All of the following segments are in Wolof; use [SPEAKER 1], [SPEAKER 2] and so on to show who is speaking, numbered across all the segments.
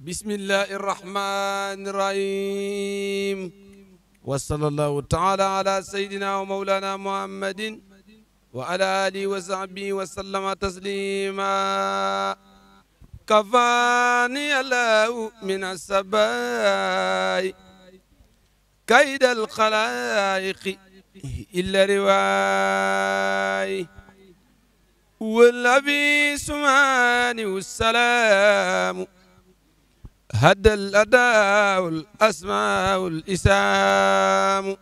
[SPEAKER 1] bismillahi irrahmani irrahim wasala allahu taala ala sayidina wa maulana muhammadin wa ala alihi wa sahbihi wa sallama taslima kafani allahu min assabai kayda alxalaiqi illa riwaay wala fi sumaani wassalaamu هدى الأداء الأسماء الإسام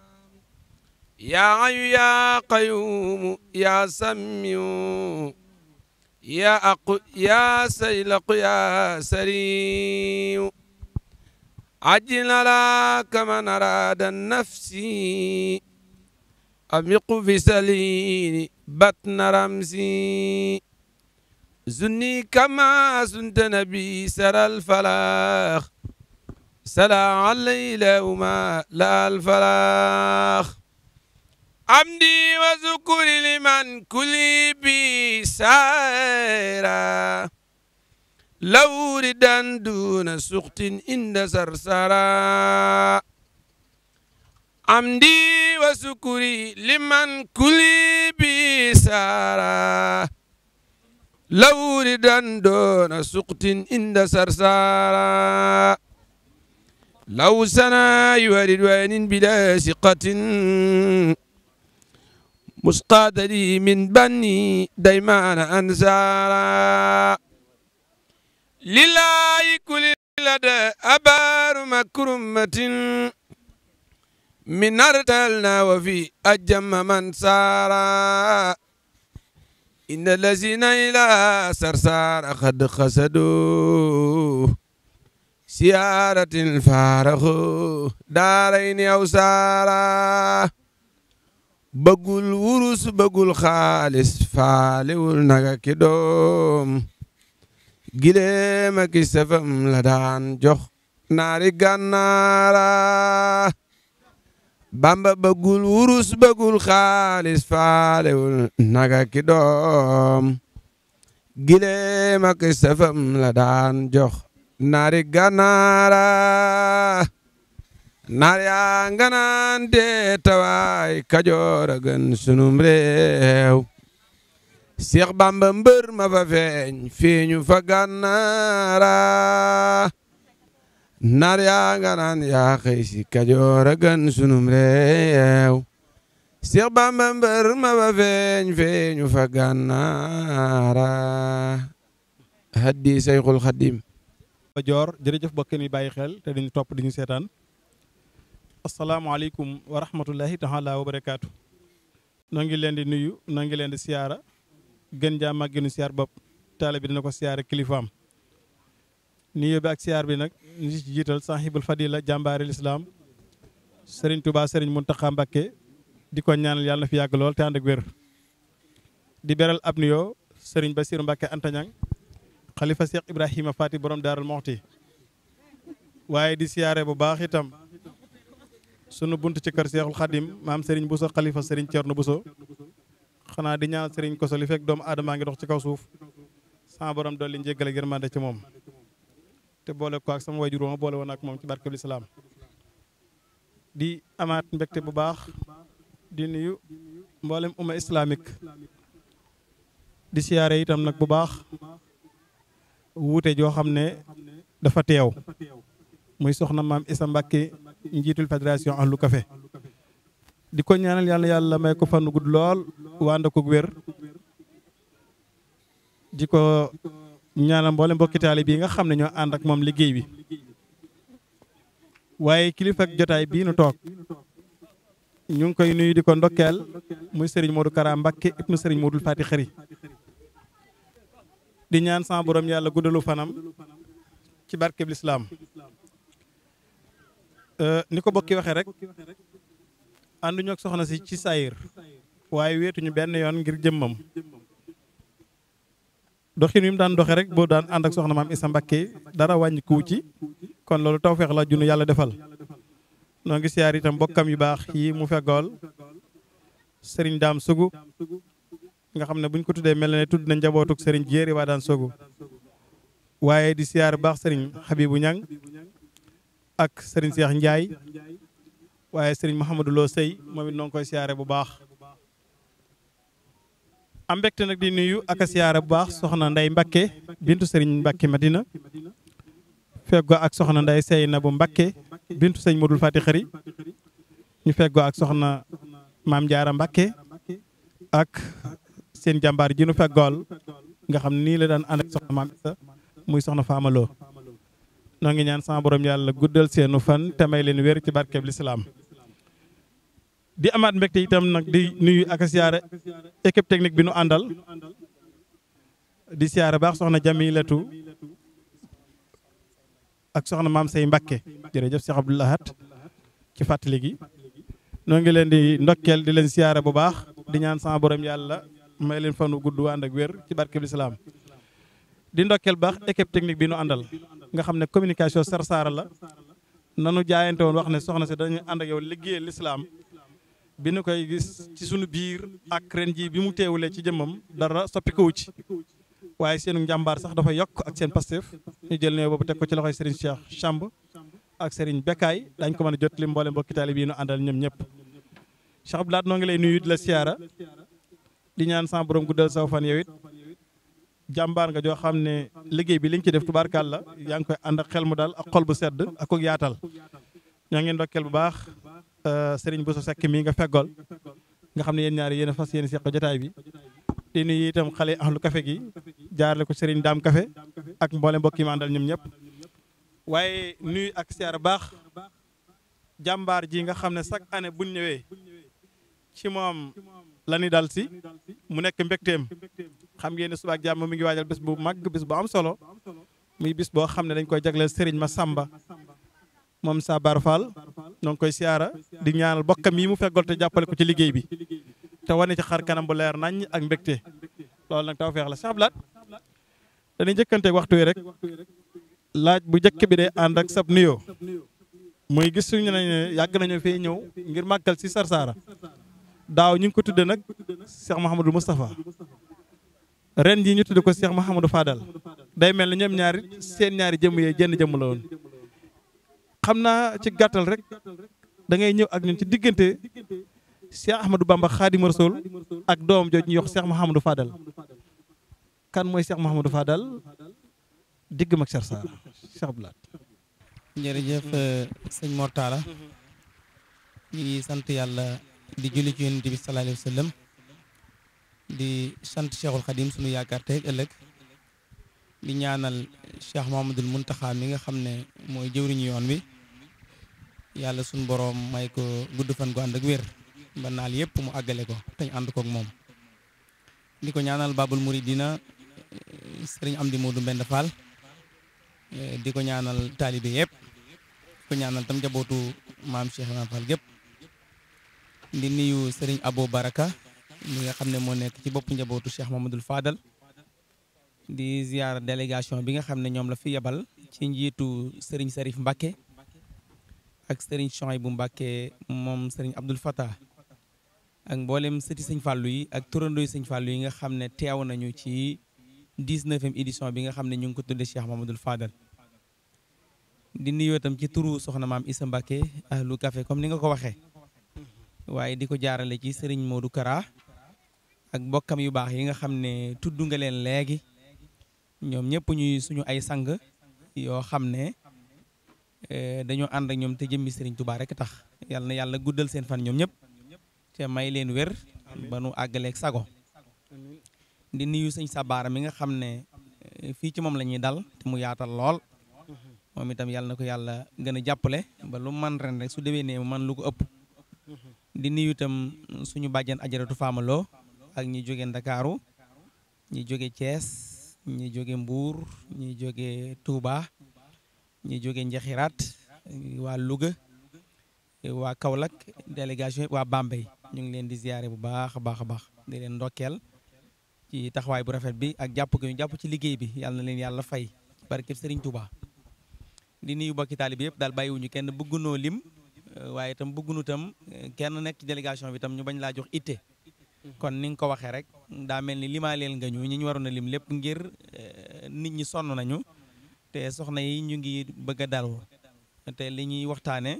[SPEAKER 1] يا حي يا قيوم يا سميع يا أق يا سيلق يا سريع عجل لك من أراد النفس أمق في سليل بطن رمسي زني كما زنت نبي سرى الفلاخ سلا الليل وما لا الفلاخ عمدي وذكر لمن كلي بي سائرا لو ردا دون سخط عند سرسرا عمدي وذكري لمن كلي بي سارا law ridan doona suqtin inda sarsara law sanaayu wa ridwanin bila siqatin musqaada min banni daymaana ansaara lillahi kulli lada abaaru makrumatin min artalna wa fi ajamma man inna lazina ila sarsara xad xasado siyaaratin faaraxo daarayni aw saara bëggul wurus bëggul xaalis faalewul naga ki gileema ki la daan jox naari gànnaara bamba bëggul wurus bëggul xaalis faalewul naga ki doom gileem ak sëfam la daan jox naari ganaara naar yaa nga naan dee tawaay kajoor sunum réew Seex Bamba mbër ma fa feeñ feeñu fa gànnaara naar yaa nga naan yaa xëy si kajoor a gën sunum réew Seex Bamba mbër ma ba feeñ feeñu fa gànnaara haddi Seyxul Xadim
[SPEAKER 2] kajoor jërëjëf mbokk mi bàyyi xel te dañu topp diñu seetaan asalaamaaleykum wa rahmatullahi taala wa barakaatu noo ngi leen di nuyu noo ngi leen di siyaara gën jaa màgginu siyaar bopp taale bi dina ko siyaara kilifaam nuyoo bi ak siyaar bi nag ñu ci jiital sahibul fadila jàmbaaril islam Serigne Touba Serigne Mountakha Mbacké di ko ñaanal yàlla na fi yàgg lool te ànd wér. di beral ab nuyoo Serigne Bassirou Mbacké Antañang xalifa Cheikh Ibrahima Fati borom Daarul Moxti waaye di siyaare bu baax itam sunu bunt ci kër Cheikhul Khadim maam Serigne Bousso xalifa Serigne Thierno Bousso xanaa di ñaanal Serigne Koso li fekk doomu aadamaa ngi dox ci kaw suuf sans borom dolli njéggal moom. te boole ko ak sama wajur ma boole woon ak moom ci barkeb lislaam di amaat mbégte bu baax di nuyu mboolem umma islamique di siyaare itam nag bu baax wuute joo xam ne dafa teew muy soxna maam Isa Mbàkke njiitul fédération ahlu café di ko ñaanal yàlla yàlla may ko fan gudd lool wànd ko wér di ko ñaanal mboole mbokki taalibe yi nga xam ne ñoo ànd ak moom liggéey bi waaye kilifa ak jotaay bii nu toog ñu ngi koy nuyu di ko ndokkeel muy sëriñ Modou Kara Mbacké ibnu sëriñ Modou Fati Xëri di ñaan sama borom yàlla guddalu fanam ci barkeb lislaam euh, ni ko bokki waxee rek ànduñu ak soxna si ci sayir waaye weetuñu benn yoon ngir jëmmam doxin wi mu daan doxee rek boo daan ànd ak soxna maam Issa Mbakke dara wàññi ku ci kon loolu tawfeex la junu yàlla defal noo ngi siyaar itam yu baax yi mu feggool sëriñ daam sugu nga xam ne buñ ko tuddee mel na ne tudd na njabootuk sëriñ jéeri waa daan sugu waaye di siyaar baax sëriñ Habibou Niang ak sëriñ Cheikh Ndiaye waaye sëriñ Mouhamadou Lo Sey moom it noo koy siyaare bu baax am mbégte nag di nuyu ak a siyaara bu baax soxna nday Mbakke bintu sëriñ Mbakke Madina feggoo ak soxna nday sey na bu Mbakke bintu sëñ Modou Fati Xari ñu feggoo ak soxna maam Jaara Mbakke ak seen jàmbaar ji nu feggool nga xam nii la daan ànd ak soxna maam Isa muy soxna Faamaloo noo ngi ñaan sama borom yàlla guddal seenu fan te may leen wér ci barkeb lislaam di amaat mbégte itam nag di nuyu ak siyaare équipe technique bi nu àndal di siyaare baax soxna Jamilatu soxna maam say Mbakke jërëjëf Cheikh Abdou Lahad ci fàttali gi noo ngi leen di ndokkeel di leen siyaare bu baax di ñaan sama borom yàlla may leen fanu gudd ànd ak wér ci barke lislaam di ndokkeel baax équipe technique bi nu àndal nga xam ne communication Sar Sara la nanu jaayante woon wax ne soxna si dañu ànd ak yow liggéeyal lislaam bi nu koy gis ci sunu biir ak ren jii bi mu teewulee ci jëmmam dara soppikuwu ci waaye seenu njàmbaar sax dafa yokk ak seen Pastef ñu jël ne boobu teg ko ci loxoy Serigne Cheikh Chamb ak Serigne Bekkaay dañ ko mën a jot li mboole mbokki taalibe yi nu àndal ñoom ñëpp Cheikh Abdou noo ngi lay nuyu di la siyaara di ñaan sa borom guddal saw fan yow it jàmbaar nga joo xam ne liggéey bi li nga ci def la yaa ngi koy ànd ak xel mu daal ak xol bu sedd ak ko yaatal bu baax Euh, sëriñ Bousso Seck mii nga feggool nga xam ne yéen ñaari yéen a fas yéen seq jotaay bi di nuyu itam xale ahlu café gi jaarale ko sëriñ daam kafe ak mboole mbokk yi ma àndal ñoom ñëpp waaye nuyu ak siyaar baax jàmbaar ji nga xam ne chaque année buñ ñëwee ci moom la ñu dal si mu nekk mbégteem xam ngeen ne suba ak jàmm mi ngi waajal bés bu mag bés bu am solo muy bis boo xam ne dañ koy jagleel sëriñ sàmba moom Sabar Fall ñoo koy siyaara di ñaanal bokkam yi mu feggool te jàppale ko ci liggéey bi te wane ci xar kanam bu leer nañ ak mbégte loolu nag feex la Cheikh Abdoulaye dañuy njëkkante waxtu wi rek laaj bu njëkk bi day ànd ak sab nuyoo muy gis suñu yàgg nañu fee ñëw ngir màkkal si Sarsara daaw ñu ngi ko tudde nag Cheikh Mouhamadou Moustapha ren yi ñu tudde ko Cheikh Mouhamadou Fadal day mel ne ñoom ñaari seen ñaari jëmm yee jenn jëmm la woon xam naa ci gàttal rek dangay ñëw ak ñun ci diggante Cheikh Ahmadou Bamba Khadimou Rassoul ak doomam jooju ñuy wax Cheikh Mouhamadou Fadal kan mooy Cheikh Mouhamadou Fadal digg mag Cheikh Sarr Cheikh
[SPEAKER 3] euh, sëñ Mortala ñu ngi sant yàlla di julli ci yonent bi sallallahu alayhi di sant Cheikhul Khadim sunu yaakaar tey ëllëg di ñaanal Cheikh Mouhamadoul Mountakha mi nga xam ne mooy jëwriñu yoon wi. yàlla suñu boroom may ko gudd fan gu ànd ak wér ba naal yëpp mu àggale ko te ñu ànd kook moom di ko ñaanal Babul Muridina sëriñ Amdi Modou Mbend Fall di ko ñaanal taalibe yëpp di ko ñaanal tam jabootu maam Cheikh Ibrahima Fall di sëriñ Abo Baraka nga xam ne moo nekk ci bopp njabootu Cheikh Mamadou ziar délégation bi nga xam ne ñoom la fi yebal ci njiitu sëriñ Sarif Mbakke ak sëriñ bu Mbacké moom sëriñ Abdoul Fattah ak mboolem sëti sëñ Fallou yi ak turandoo sëñ Fallou yi nga xam ne teew nañu ci dix-neuvième édition bi nga xam ne ñu ngi ko tuddee Cheikh Mamadou Fadal di nuyoo itam ci turu soxna maam Issa Mbacké ahlu café comme ni nga ko waxee waaye di ko jaarale ci sëriñ Modou Kara ak bokkam yu baax yi nga xam ne tudd nga leen léegi ñoom ñëpp ñuy suñu ay sang yoo xam ne Eh, dañoo ànd ak ñoom te jëmmi Serigne Touba rek tax yal na yàlla guddal seen fan ñoom ñëpp te may leen wér ba nu àggaleeg sago di nuyu sëñ Sabaara mi nga xam ne eh, fii ci moom la ñuy dal te mu yaatal lool moom itam yàlla na ko yàlla gën a jàppale ba lu man ren rek su déwénee man lu ko ëpp. di nuyu itam suñu bàjjan ajaratu faamaloo ak ñi jóge Ndakaaru ñi jóge Thiès ñi jóge Mbuur ñi jóge Touba. ñu jóge Njaxiraat waa Louga waa Kaolack délégation waa Bambey ñu ngi leen di ziare bu baax a baax a baax di leen ndokkeel ci taxawaay bu rafet bi ak jàpp gi ñu jàpp ci liggéey bi yàlla na leen yàlla fay barkeb Serigne Touba. di nuyu mbokki taalibe yëpp daal bàyyiwuñu kenn bëggunoo lim waaye itam bëggunu tam eh, kenn nekk ci délégation bi tam ñu bañ laa jox itte. kon ni nga ko waxee rek ndaa mel ni limaa leen nga ñu ñi ñu waroon a lim lépp ngir eh, nit ñi sonn nañu. te soxna yi ñu ngi bëgg a dal te li ñuy waxtaane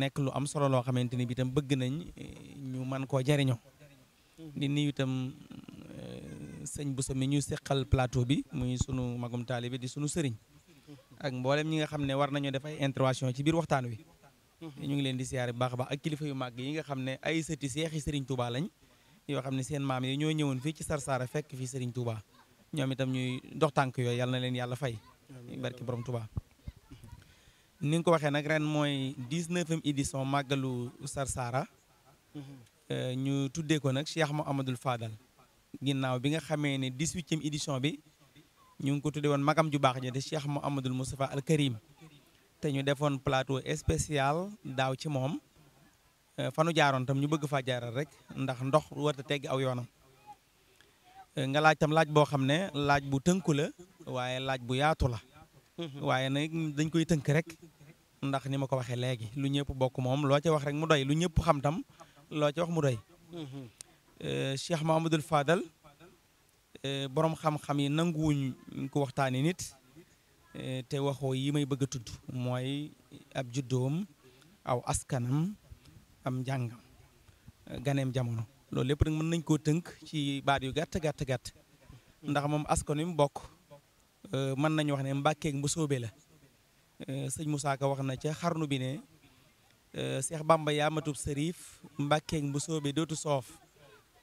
[SPEAKER 3] nekk lu am solo loo xamante ni bi tam bëgg nañ eh, ñu man koo jariñoo di nii itam eh, sëñ bu mi ñu seqal plateau bi muy sunu magum taalibe di sunu sëriñ ak mboolem ñi nga xam ne war nañoo def ay intervention ci biir waxtaan wi ñu ngi leen di siyaare bu baax a baax ak kilifa yu màgg yi nga xam ne ay sëti seexi sëriñ Touba lañ yoo xam ne seen maam yi ñoo ñëwoon fii ci Sarsara fekk fii sëriñ Touba ñoom itam ñuy dox tànk yooyu yal leen yàlla fay barki borom Touba. ni nga ko waxee nag ren mooy dix-neuvième édition màggalu Sarsara. Mhm. Euh, ñu tuddee ko nag Cheikh Mouhamadoul Fadal. ginnaaw bi nga xamee ne dix-huitième édition bi ñu ngi ko tuddee woon magam ju baax ja de Cheikh Mouhamadoul Moustapha Al Karim. te ñu defoon plateau spécial daaw ci moom. Euh, fanu jaaroon tam ñu bëgg faa jaaral rek ndax ndox warta tegg aw yoonam. Euh, nga laaj tam laaj boo xam ne laaj bu tënku la waaye laaj bu yaatu la. Mm-hmm. waaye nag dañ koy tënk rek ndax ni ma ko waxee léegi lu ñëpp bokk moom loo ci wax rek mu doy lu ñëpp xam tam loo ci wax mu doy. Mm-hmm. Eh, Cheikh Mahamadul Fadal eh, boroom xam-xam yi nanguwuñ ko waxtaani nit eh, te waxoo yi may bëgg a tudd mooy ab juddoom aw askanam am njàngam ganeem jamono loolu lépp nag mën nañ koo tënk ci baat yu gàtt gàtt gàtt ndax moom askan wi mu bokk. Euh, mën nañu wax ne Mbàkke ak Mbusoobe la euh, sëñ Moussa Ka wax na ca xarnu bi ne Seex euh, Bàmba yaa matub sëriif Mbàkke ak Mbusoobe dootu soof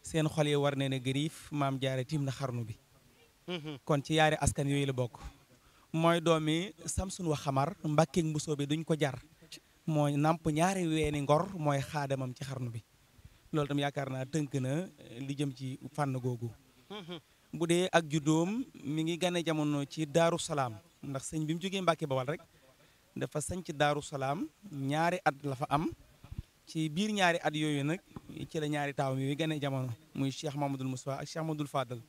[SPEAKER 3] seen xol yi war ne na maam jaare tiim na xarnu bi mhm. kon ci yaari askan yooyu la bokk mooy doomi Samsun wa xamar Mbàkke ak Mbusoobe duñ ko jar mooy nàmp ñaari weeni ngor mooy xaadamam ci xarnu bi loolu tam yaakaar naa tënk na li jëm ci fànn googu mhm. bu dee ak juddoom mi ngi gane jamono ci daaru salaam ndax sëñ bi mu jógee Mbàkke Bawal rek dafa sañc daaru salaam ñaari at la fa am ci biir ñaari at yooyu nag ci la ñaari taawam yooyu gane jamono muy Cheikh Mamadul Moussa ak Cheikh Mamadul Fadal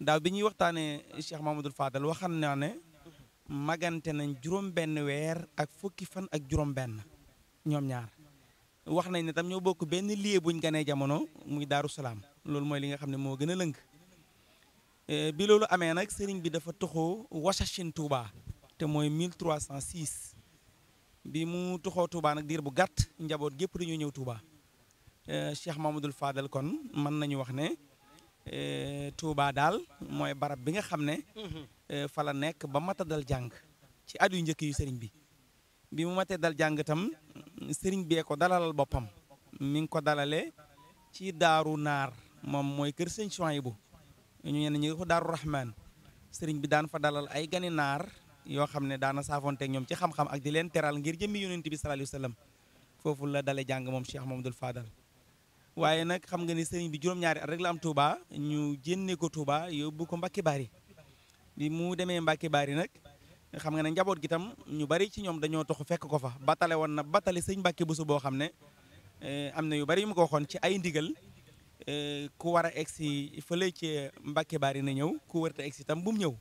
[SPEAKER 3] daaw bi ñuy waxtaanee Cheikh Mamadul Fadal waxan naa ne magante nañ juróom-benn weer ak fukki fan ak juróom-benn ñoom ñaar wax nañ ne tam ñoo bokk benn lieu buñ ganee jamono muy daaru salaam loolu mooy li nga xam ne moo gën a lënk Eh, bi loolu amee nag sëriñ bi dafa toxoo wasachin Touba te mooy 1306 bi mu toxoo Touba nag diir bu gàtt njaboot gépp dañoo ñëw Touba eh, Cheikh Mamadou Fadel kon mën nañu wax ne eh, Touba daal mooy barab bi nga xam ne mhm. fa la nekk ba dal jàng ci at yu njëkk yu sëriñ bi bi mu matee dal jàng itam sëriñ bee ko dalalal boppam mi ngi ko dalalee ci daaru naar moom mooy kër sëñ Souhaïbou ñu ñenn ñi ko daaru rahman sëriñ bi daan fa dalal ay gani naar yoo xam ne daana saafonteeg ñoom ci xam-xam ak di leen teral ngir jëmmi yonent bi sallallahu alayhi wa la dale jàng moom Cheikh Mamadou Fadal waaye nag xam nga ni sëriñ bi juróom-ñaari at rek la am Touba ñu jénne ko Touba yóbbu ko Mbacke Bari bi mu demee Mbacke Bari nag xam nga ne njaboot gi tam ñu bari ci ñoom dañoo toxu fekk ko fa batale woon na batale sëñ Mbacke Bousso boo xam ne eh, am na yu bari yu mu ko waxoon ci ay ndigal Euh, ku war a egg si fële ci Mbàkke Baari na ñëw ku wërta egg si tam bu mu ñëw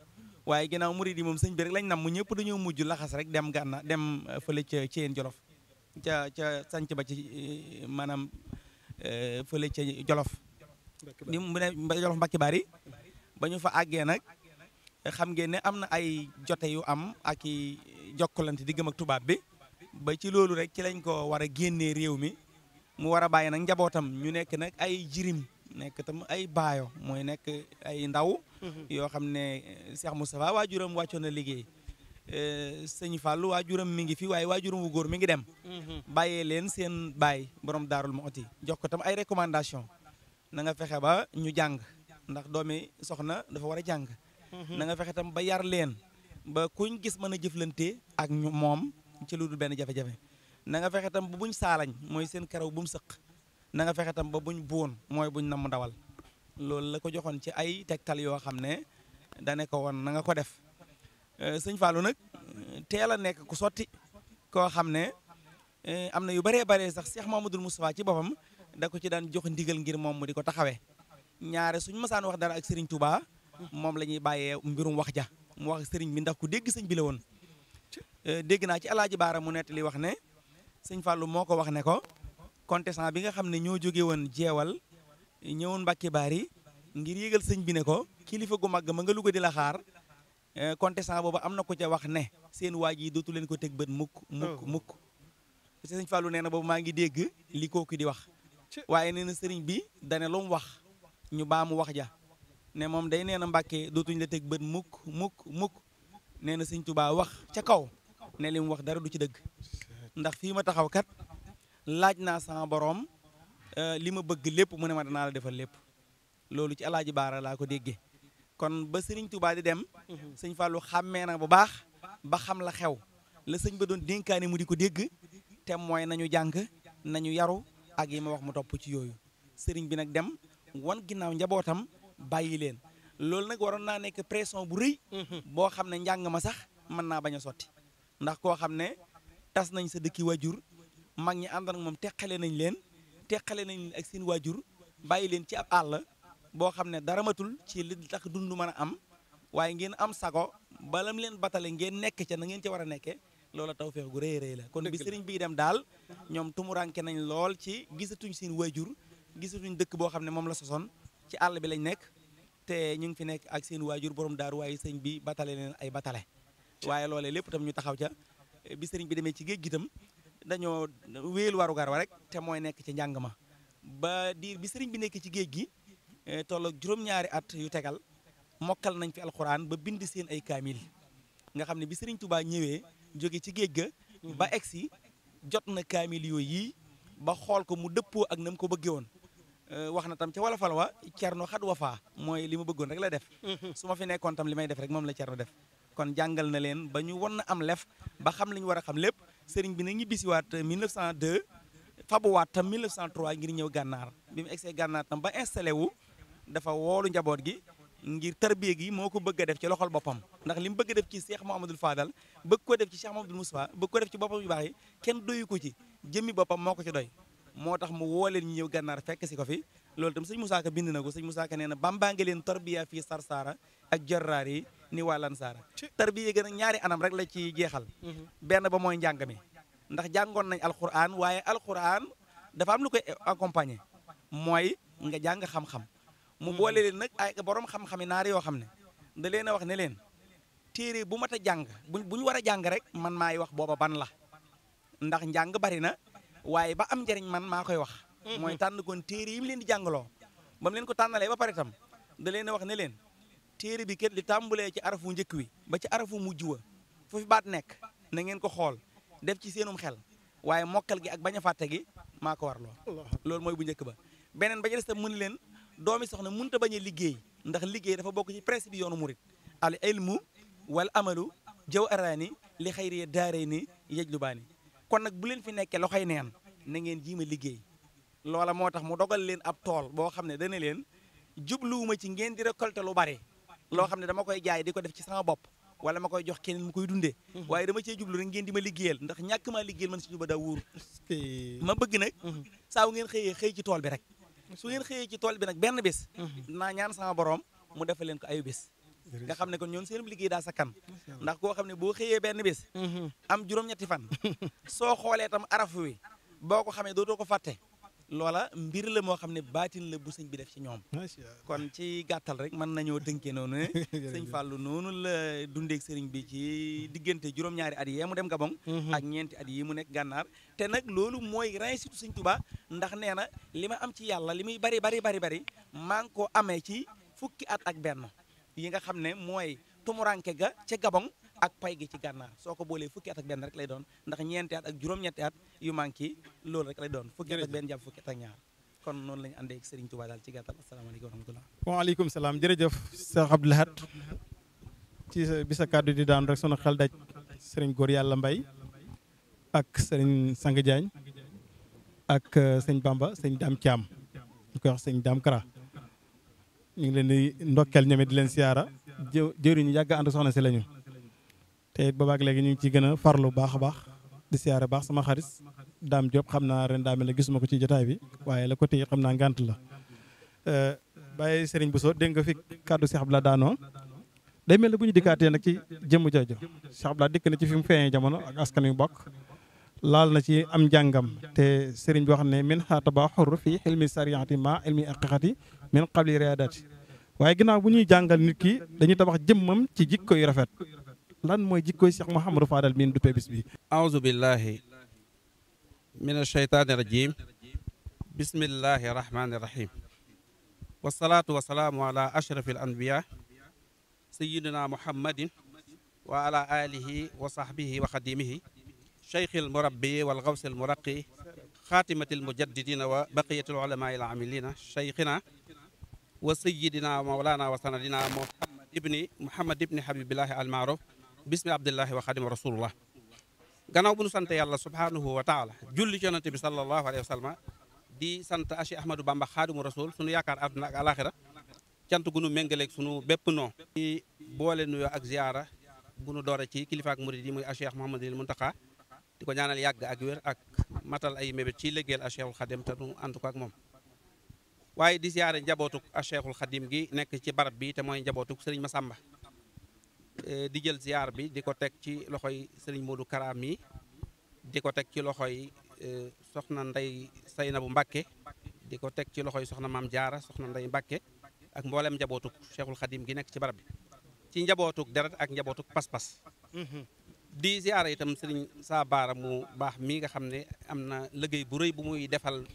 [SPEAKER 3] waaye ginnaaw murid yi moom sëñ bi rek lañ nam mu ñëpp dañoo mujj laxas rek dem gànna dem euh, fële ca Ceen Jolof ca ca sanc ba ci euh, maanaam fële ca Jolof di mu ne Jolof Mbàkke ba ñu fa àggee nag xam ngeen ne am na ay jote yu am ak i jokkalante diggam ak tubaab bi ba ci loolu rek ci lañ ko war a génnee réew mi mu war a bàyyi nag njabootam ñu nekk nag ay jirim nekk tam ay baayo mooy nekk ay ndaw mhm. yoo xam ne eh, Cheikh Moustapha waajuram wàccoon na liggéey eh, sëñ Fallou waajuram mi ngi fii waaye waajuram wu góor mi ngi dem mhm. bàyyee leen seen baay borom daarul Muxti jox ko tam ay recommandation na nga fexe ba ñu jàng ndax doomi soxna dafa war a jàng mhm. na nga fexe tam ba yar leen ba kuñ gis mën a jëflante ak ñu moom ci lu dul benn jafe-jafe na nga fexe tam ba buñ saalañ mooy seen karaw bu mu sëq nanga nga fexe tam ba buñ buun mooy buñ namm dawal loolu la ko joxoon ci ay tegtal yoo xam ne dane ko woon na nga ko def euh, sëñ Fallou nag euh, teel a nekk ku sotti koo xam ne euh, am na yu bëree bare sax Cheikh Mamadou Moustapha ci boppam da ko ci daan jox ndigal ngir moom mu di ko taxawee ñaare suñ masaan wax dara ak sëriñ tubaa moom la ñuy bàyyee mbirum wax ja mu wax sëriñ bi ndax ku dégg sëñ bi la woon dégg naa ci alaaji baara mu nettali wax ne sëñ Fallou moo ko wax ne ko contestant bi nga xam ne ñoo jóge woon jeewal ñëwoon Mbàkke Baari ngir yëgal sëñ bi ne ko kilifa gu mag ma nga Louga di la xaar eh, contestant boobu am na ko ca wax ne seen waaj yi dootu leen ko teg bët mukk mukk oh. mukk sëñ nee na boobu maa ngi dégg li kooku di wax waaye nee na sëriñ bi dane lu mu wax ñu baamu wax ja ne moom day nee na Mbàkke dootuñ la teg bët mukk mukk mukk nee na sëñ Tuubaa wax ca kaw ne li wax dara du ci dëgg ndax fii ma taxaw kat laaj naa sama boroom euh, li ma bëgg lépp mu ne ma danaa la defal lépp loolu ci alaaji baara laa ko déggee kon ba sëriñ Touba di dem mhm. sëñ Fallou xàmmee na bu baax ba xam la xew la sëñ ba doon dénkaane mu di ko dégg te mooy nañu jàng nañu yaru ak yi ma wax mu topp ci yooyu sëriñ bi nag dem wan ginnaaw njabootam bàyyi leen loolu nag waroon naa nekk pression bu rëy mhm. boo xam ne njàng ma sax mën naa bañ a sotti ndax koo xam ne tas nañ sa dëkki waajur mag ñi ànd ak moom teqale nañ leen teqale nañ leen ak seen waajur bàyyi leen ci ab àll boo xam ne dara matul ci li tax dund mën a am waaye ngeen am sago balam leen batale ngeen nekk ca na ngeen ca war a nekkee loola taw feex gu rëy rëy la kon bi sëriñ bii dem daal ñoom tumuranke nañ lool ci gisatuñ seen waajur gisatuñ dëkk boo xam ne moom la sosoon ci àll bi lañ nekk te ñu ngi fi nekk ak seen waajur borom daaru waaye sëñ bi batale leen ay batale waaye loolee lépp tam ñu taxaw ca bi sëriñ bi demee ci géej gi tam dañoo wéyal warugar wa rek te mooy nekk ci njàng ma ba diir bi bi nekk ci géej gi eh, toll ak juróom-ñaari at yu tegal mokkal nañ fi alxuraan ba bind seen ay kaamil nga xam ne bi sëriñ ñëwee jóge ci géej ga ba egsi jot na kaamil yooyu yii ba xool ko mu dëppoo ak na mu ko bëggee woon eh, wax na tam ca wala fal wa cerno xat wa faa mooy li ma bëggoon rek la def mm-hmm. su ma fi nekkoon tam li may def rek moom la cerno def kon jàngal na leen ba ñu won na am lef ba xam li ñu war a xam lépp sëriñ bi na ñu bisiwaat 1902 fabuwaat tam 1903 ngir ñëw gànnaar bi mu egsee gànnaar tam ba installé wu dafa woolu njaboot gi ngir tarbiya gi moo ko bëgg a def ci loxol boppam ndax li mu bëgg a def ci Cheikh Mouhamadoul Fadal bëgg ko def ci Cheikh Mouhamadoul Moustapha bëgg ko def ci boppam yu baax yi kenn doyu ko ci jëmmi boppam moo ko ci doy moo tax mu woo leen ñu ñëw gànnaar fekk si ko fi loolu tam sëñ Moussa bind na ko sëñ Moussa Ka nee na bambaa nga leen tarbiya fii Sarsara ak Jarraar yi ni saa Lansara tarbiya gën a ñaari anam rek la ci jeexal mhm. benn ba mooy njàng mi ndax jàngoon nañ alquran waaye alquran dafa am lu koy accompagner mooy nga jàng xam-xam mu mhm. boole leen nag ay boroom xam-xami naar yoo xam ne da leen a wax ne leen téere bu mat a jàng bu ñu war a jàng rek man maay wax booba ban la ndax njàng bari na waaye ba am njariñ man maa koy wax mhm. mooy tànn kon téere yi mu leen di jàngaloo ba mu leen ko tànnalee ba pare tam da leen wax ne leen téere bi kat li tàmbulee ci arafu njëkk wi ba ci arafu mujj wa fu fi baat nekk na ngeen ko xool def ci seenum xel waaye mokkal gi ak baña a fàtte gi maa ko war lool loolu mooy bu njëkk ba beneen ba ci des tam mën leen doomi soxna mënut a bañ liggéey ndax liggéey dafa bokk ci principe yoonu murit al ilmu wal amalu jaw araani li xayri daaray ni yej lu baani kon nag bu leen fi nekkee loxoy neen na ngeen jiima liggéey loola moo tax mu dogal leen ab tool boo xam ne dana leen jubluwuma ci ngeen di lu bari loo xam ne dama koy jaay di ko def ci sama bopp wala ma koy jox keneen mu koy dundee mhm. waaye dama cee jublu rek ngeen di ma liggéeyal ndax ñàkk maa liggéeyal man suñu ba daa wóoru ma bëgg nag mhm. saa ngeen xëyee xëy ci tool bi rek su ngeen xëyee ci tool bi nag benn bés mhm. naa ñaan sama borom mu defal leen ko ayu bis nga xam ne kon ñoom seen liggéey daa sa kan ndax koo xam ne boo xëyee benn bés am juróom-ñetti fan soo xoolee tam araf wi boo ko xamee dootoo ko fàtte loola mbir la moo xam ne baatin la bu sëñ bi def ci ñoom kon ci gàttal rek mën nañoo dënke noonu ne sëñ Fallou noonu la dundeek sëriñ bi ci diggante juróom-ñaari at yee mu dem Gabon mhm. ak ñeenti at yi mu nekk gànnaar te nag loolu mooy réussite sëñ Touba ndax nee na li ma am ci yàlla li muy bari bari bari bari maa ngi ko amee ci fukki at ak benn yi nga xam ne mooy tumuranke ga ca gaboŋ ak pay gi ci gànnaar soo ko boolee fukki at ak benn rek lay doon ndax ñeenti at ak juróom at yu manqué loolu rek lay doon fukki at ak benn jàpp fukki at ak ñaar kon noonu la àndeek àndee ak daal ci gàttal asalaamaaleykum wa rahmatulah.
[SPEAKER 2] waaleykum salaam jërëjëf Cheikh Abdou Lahad ci bi sa kàddu di daan rek sunu xel daj Serigne Góor Yàlla Mbay ak Serigne Sang Diagne ak euh, sëñ Bamba sëñ Dame Thiam ñu koy wax sëñ Dame Kara ñu ngi leen di ndokkeel ñoom it di leen siyaara jëwriñu yàgg ànd soxna si lañu te boobaak léegi ñu ngi ci gën a farlu baax a baax di siyaare baax sama xaris daam Diop xam naa ren daame la gisuma ko ci jotaay bi waaye la côté xam naa ngànt la euh, sëriñ bu Bousso dégg nga fi kàddu Cheikh Abdoulaye daanoo day mel ne bu ñu dikkaatee nag ci jëmm jooju Cheikh Abdoulaye dikk na ci fi mu feeñee jamono ak askan yu bokk laal na ci am njàngam te sëriñ bi wax ne min xaata ba xur fi ilmi sariati ma ilmi aqiqati min qabli riadati waaye ginnaaw bu ñuy jàngal nit ki dañuy tabax jëmmam ci jikko yu rafet lan mooy jikkooy Cheikh Mouhamadou Fadal miin duppee bis bi
[SPEAKER 4] aouzu billahi min asheytaani rajim bismillahi rahmaani rahim wasalaatu wasalaamu ala ashrafi al anbiya sayidina muhammadin wa ala alihi wa sahbihi wa xadimihi cheikh al murabbi wal gaws al muraqi xaatimati al mujaddidina wa baqiyati al ulama al amilina cheikhina wa sayidina mawlana wa sanadina muhammad ibni muhammad ibni habibillahi al maaruf bismi abdillahi wa xadima gannaaw bu nu sant yàlla subhanahu wa taala julli ci yonante bi sallallahu alayhi wa di sant achi ahmadou bamba xaadimu rasul sunu yaakaar àdduna ak alaxira cant gunu méngaleeg sunu bépp noo di boole nuyoo ak ziara bu nu doore ci kilifa ak murid yi muy acheikh mahamadul muntaxa di ko ñaanal yàgg ak wér ak matal ay mébét ci liggéeyal acheikhul xadim te nu ànd ko ak moom waaye di ziare njabootuk gi nekk ci barab bi te mooy njabootuk sëriñ Masamba Eh, di jël ziar bi di ko teg ci loxoy Serigne Modou Kara mi di ko teg ci loxoy eh, soxna Ndey Saynabu Mbàkke di ko teg ci loxoy soxna Maam Jaara soxna Ndey mbakke ak mboolem njabootuk Cheikhul Khadim gi nekk ci barab bi ci njabootuk deret ak njabootuk pas-pas mhm. di ziara itam Serigne Saa Baara mu baax mi nga xam ne am na liggéey bu rëy bu muy defal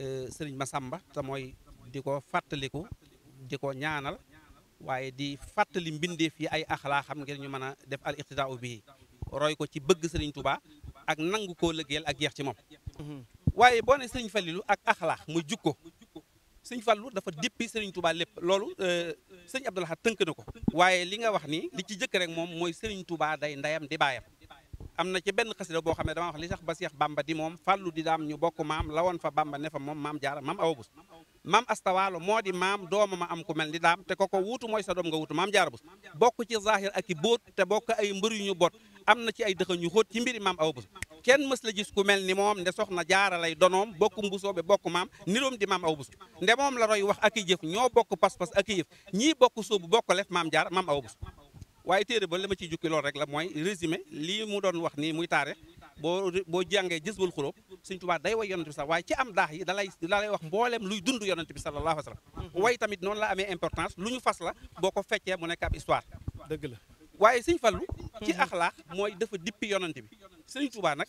[SPEAKER 4] eh, sëriñ ma te mooy di ko fàttaliku di ko ñaanal waaye di fàttali mbindeef yi ay axlaa xam ngeen ñu mën a def al iqtidaa bi roy ko ci bëgg sëriñ Touba ak nangu koo lëggeel ak yeex ci moom mhm. waaye boo ne sëriñ Fallilu ak axlaa mu jukko sëñ Fallu dafa déppi sëriñ Touba lépp loolu euh, sëñ Abdou Lahad tënk na ko waaye li nga wax ni li ci jëkk rek moom mooy sëriñ Touba day ndeyam di baayam am na ci benn xasida boo xam ne dama wax li sax ba Seex Bamba di moom Fallu di daam ñu bokk maam lawoon fa Bamba ne fa moom maam jaara maam awabus maam astawaalo moo di maam doomam a am ku mel ni daam te koko wuutu mooy sa doom nga wuutu maam jaara bus bokk ci zahir ak i bóot te bokk ay mbër yu am na ci ay dëxañ yu ci mbiri maam awa bus kenn mës la gis ku ni moom nde soxna jaara lay donoom bokk mbusoobe bokk maam niroom di maam awa bus nde moom la roy wax ak i jëf ñoo bokk pas-pas ak i yëf ñii bokk sóobu bokk lef maam jaara maam awa bus waaye téere ba li ma ciy jukki loolu rek boo boo jàngee jësbul xulóob Sëñ Tuubaa day way yonent bi sax waaye ci am daax yi da lay da lay wax mbooleem luy dund yonent bi sallallahu alayhi wa sallam mhm. way tamit noonu la amee importance lu ñu fas la boo ko feccee mu nekk ab histoire dëgg la waaye Sëñ Fallu ci axlaax mooy dafa dippi yonent bi Sëñ Tuubaa nag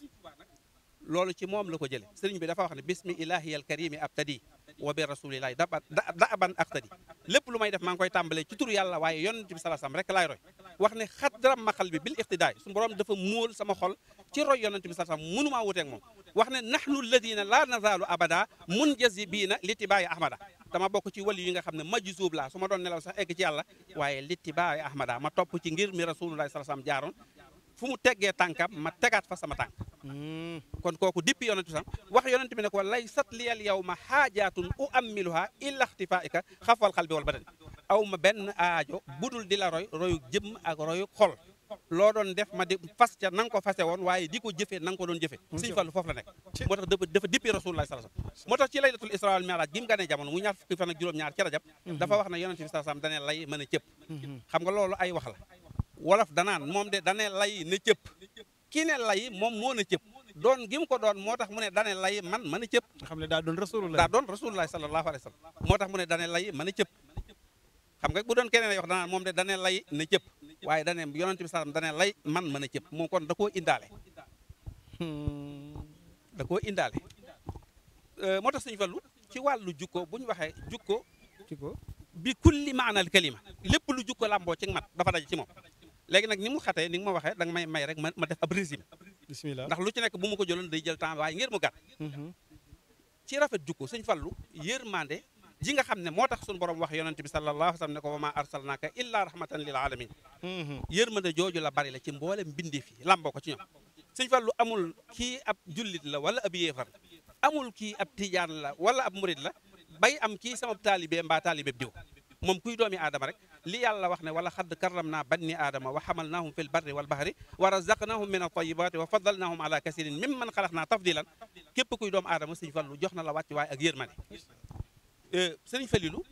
[SPEAKER 4] loolu ci moom la ko jële sëriñ bi dafa wax ne bismi ilahi al karimi abtadi wa bi rasulillahi da da aban aftadi lépp lu may def maa ngi koy tàmbalee ci tur yàlla waaye yonent bi sallallahu alayhi wasallam rek laay roy wax ne xadram maxal bi bil iqtidaay su borom dafa móol sama xol ci roy yonent bi sallallahu alayhi wasallam mënumaa wuteeg moom wax ne nahnu alladina la nazalu abada munjazibina litibaayi ahmada dama bokk ci wali yi nga xam ne majzuub laa su ma doon nelaw sax egg ci yàlla waaye litibaayi ahmada ma topp ci ngir mi rasulullahi sallallahu alayhi wasallam jaaroon fu mu teggee tànkam ma tegaat fa sama tànk hmm. kon kooku dippi yonent bi sax wax yonent bi ne ko lay sat liyal yow ma xaajaatun u ammiluha illa xtifaika xafwal xal bi wal badan aw ma benn aajo budul di la roy royu jëm ak royu xol ko fase woon waaye di ko jëfee na nga ko doon jëfee sëñ Fallu foofu la nekk moo tax dafa dippi rasulullah sallallahu moo tax ci laylatul isra wal mi'raj gi mu ganee jamono mu ñaar fukki fan juróom-ñaar ci rajab hmm. dafa wax ne yonent bi sallallahu alayhi lay mën a cëpp hmm. xam nga loolu ay wax la wolof danaan moom de dane lay ne cëpp kii lay moom moo ne cëpp doon gi ko doon moo tax mu ne dane lay man ma a cëpp nga xam ne daa doon rasulullah daa doon rasulullah sallallahu alayhi wa sallam moo tax mu ne dane lay mën a cëpp xam nga bu doon keneen lay wax danaan moom de dane lay na cëpp waaye dane yonent bi sallam dane lay man mën a cëpp moom kon da koo indaale da koo indaale euh, moo tax suñu fallu ci wàllu jukko bu ñu waxee jukko bi kulli maanal kalima lépp lu jukko làmboo ci dafa daj ci moom léegi nag ni mu xatee ni nga ma waxee danga may may rek ma ma def ab résumé bismillah ndax lu ci nekk bu ma ko jëloon day jal temps waaye ngir mu gàtt mm-hmm. ci rafet jukko sëñ Fallu yërmande ji nga xam ne moo tax suñu borom wax yonente bi sallallahu alayhi wa sallam ne ko wa ma arsalnaaka illa rahmatan lil alamin mm-hmm. yërmande jooju la bari la ci mboolem mbindeef yi lamboo ko ci ñoom sëñ Fallu amul kii ab jullit la wala ab yéefar amul kii ab tiijaan la wala ab murid la bay am kii sama taalibe mbaa diw moom kuy doomi aadama rek li yàlla wax ne wala xadd karram naa banni aadama wa xamalnaahum fi l barri a bahri wa razaqnahum min at-tayyibaati wa faddalnaahum ala kasirin mimman xalaqnaa tafdilan képp kuy doomu aadama sëñ Fallu jox na la wàcc waay ak yërmande sëñ Falilu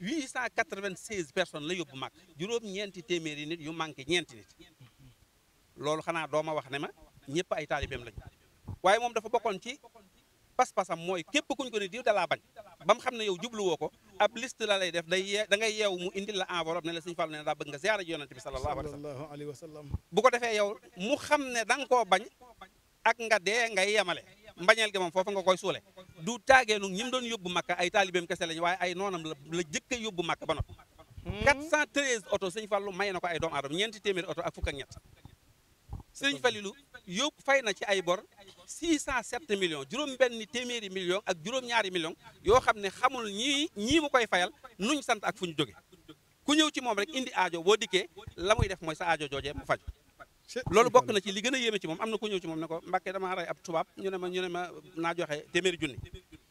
[SPEAKER 4] 896 personnes la yóbbu mag juróom-ñeenti téeméeri nit yu manqué ñeenti nit loolu xanaa dooma wax ne ma ñëpp ay taalibeem lañu waaye moom dafa bokkoon ci pas-pasam mooy képp kuñ ko ne diw ba xam ne yow jubluwoo ko ab list la lay def day dangay da mu indi la enveloppe ne la sëñ Fallu ne daa bëgg nga ziyaara ji yonante bi sallallahu alayhi wa sallam bu ko defee yow mu xam ne da nga koo bañ ak nga dee ngay yemale mbañeel gi moom foofu nga koy suule du taageenu ñi mu doon yóbbu makka ay taalibeem kese lañ waaye ay noonam la la jëkk a yóbbu makka ba noppi 413 hmm. oto sëñ Fallu may na ko ay doomu aadama ñeenti téeméeri oto ak fukk ñett Serigne Falilou yóbbu fay na ci ay bor 607 millions juróom-benni téeméeri millions ak juróom-ñaari millions yoo xam ne xamul ñii ñii mu koy fayal nuñ sant ak fu ñu jóge ku ñëw ci moom rek indi aajo boo dikkee la muy def mooy sa aajo joojee mu faj loolu bokk na ci li gën a yéeme ci moom am na ku ñëw ci moom ne ko Mbàkke damaa rey ab tubaab ñu ma ñu ma naa joxe téeméeri junni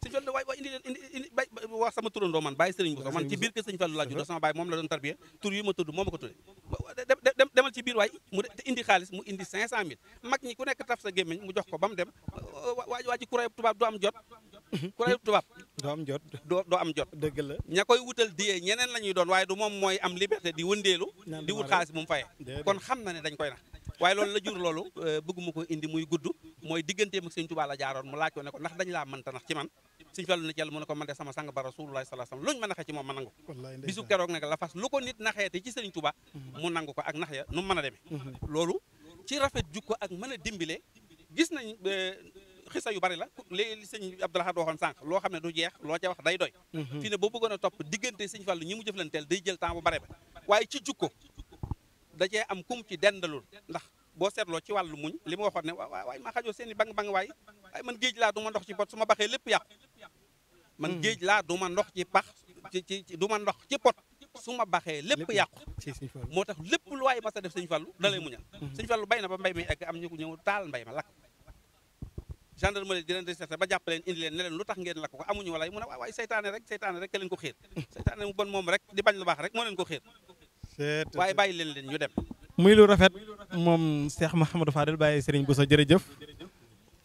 [SPEAKER 4] sëñ Fallu waay waay indi leen indi bay wax sama turandoo man bàyyi sëriñ Bousso man ci biir kër sëñ Fallu laa juddoo uh-huh. sama moom la doon tarbiya tur yi ma tudd moo ma ko tudde demal ci biir waay mu te indi xaalis mu indi cinq cent mille mag ñi ku nekk taf sa gémmiñ mu jox ko ba dem waa waa ji ku rey tubaab du jot Mhm. ku rey tubaab doo am jot doo am jot dëgg la ña koy wutal diyee ñeneen la ñuy doon waaye du moom mooy am liberté di wëndeelu di wut xaalis bu mu fayee kon xam na ne dañ koy nax waaye loolu la jur loolu euh, bëgguma ko indi muy gudd mooy digganteem ak sëñ Tuubaa la jaaroon mu laaj ko ne ko ndax dañ laa mënta nax ci man sëñ Fallu na ci yàlla mu ne ko man sama sang ba rasulullah sallallahu alayhi ma naxee ci moom ma nangu bisu keroog nag la fas lu ko nit naxeete ci mhm. nax ya nu a demee mhm. loolu ci rafet a dimbile gis nañ euh, xisa yu bari la léegi li sëñ Abdoulahad waxoon sànq loo xam ne du jeex loo ca wax day doy mhm. fii ne boo bëggoon a topp diggante señ Fallu ñi mu jëflanteel day jël temps bu bare ba waaye ci jukko da cee am kum ci dendalul ndax boo seetloo ci wàllu muñ li mu waxoon ne waa waay maa xajoo bang bang waay ay géej laa du ma ndox ci pot su ma baxee lépp yàqu man mhm. géej laa du ma ndox ci pax ci ci du ma ndox ci pot su ma baxee lépp yàqu moo tax lépp lu waay ma sa def sëñ Fallu da lay muñal mhm. sëñ Fallu bay na ba mbay mi egg am ñu ko ñëw taal mbay ma lakk gendarmerie di leen recherché ba jàpp leen indi leen ne lu tax ngeen lakk ko amuñu walay mu ne waay waay seytaane rek ka leen ko xiir seytaane mu bon moom rek di bañ lu baax rek moo leen ko xiir waaye bàyyi leen leen ñu dem
[SPEAKER 2] muy lu rafet moom Cheikh Mahamadou Fadel bàyyi Serigne Bousso jërëjëf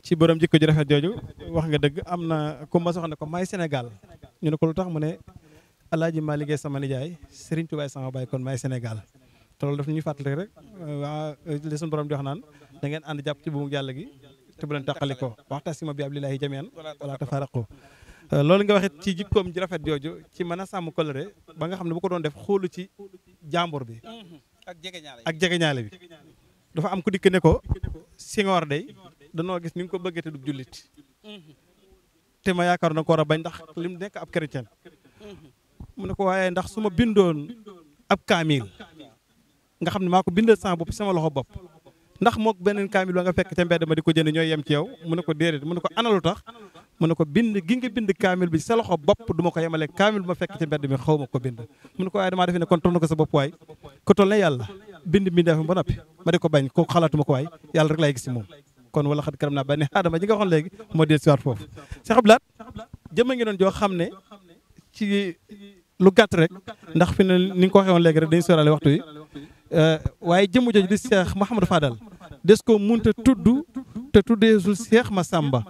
[SPEAKER 2] ci borom jikko ji rafet jooju wax nga dëgg am na ku ma soxna ko maay Sénégal ñu ne ko lu tax mu ne ji maa liggéey sama nijaay Serigne Touba sama baay kon maay Sénégal te loolu daf ñu fàttali rek waa li suñu borom di wax da ngeen ànd jàpp ci bu mu gi te bu leen tàqali ko waxtasima bi ablillahi jamian wala tafaraqu loolu nga waxit ci jikkoom ji rafet jooju ci mën a sàmm kolëre ba nga xam ne bu ko doon def xoolu ci jàmbur bi ak jegeñaale bi dafa am ku dikk ne ko Senghor day danoo gis ni nga ko bëggee te du jullit te ma yaakaar na ko war a bañ ndax li mu nekk ab chrétien mu ne ko waaye ndax su ma bindoon ab kaamil nga xam ne maa ko bindal sama bopp sama loxo bopp ndax mook beneen kaamil ba nga fekk ca mbedd ma di ko jënd ñooy yem ci yow mu ne ko déedéet mu ne ko analu tax mu ne ko bind gi nga bind kaamil bi sa loxo bopp du ko yemale kaamil bu ma fekk ca mbedd mi xaw ma ko bind mu ne ko waaye damaa defe ne kon toll na ko sa bopp waay ko toll ne yàlla bind mbindeef ba noppi ma di ko bañ ko xalaatuma ko waay yàlla rek laay gis ci moom kon wala xat karam naa ba ne ji nga waxoon léegi moo dee siwaat foofu Cheikh xam ne ci lu gàtt rek ndax fi ne ni ko waxee woon léegi rek dañu Euh, waaye jëmm jooju di Cheikh Mouhamadou Fadal des ko munta tudd te tuddeesul Cheikh Massamba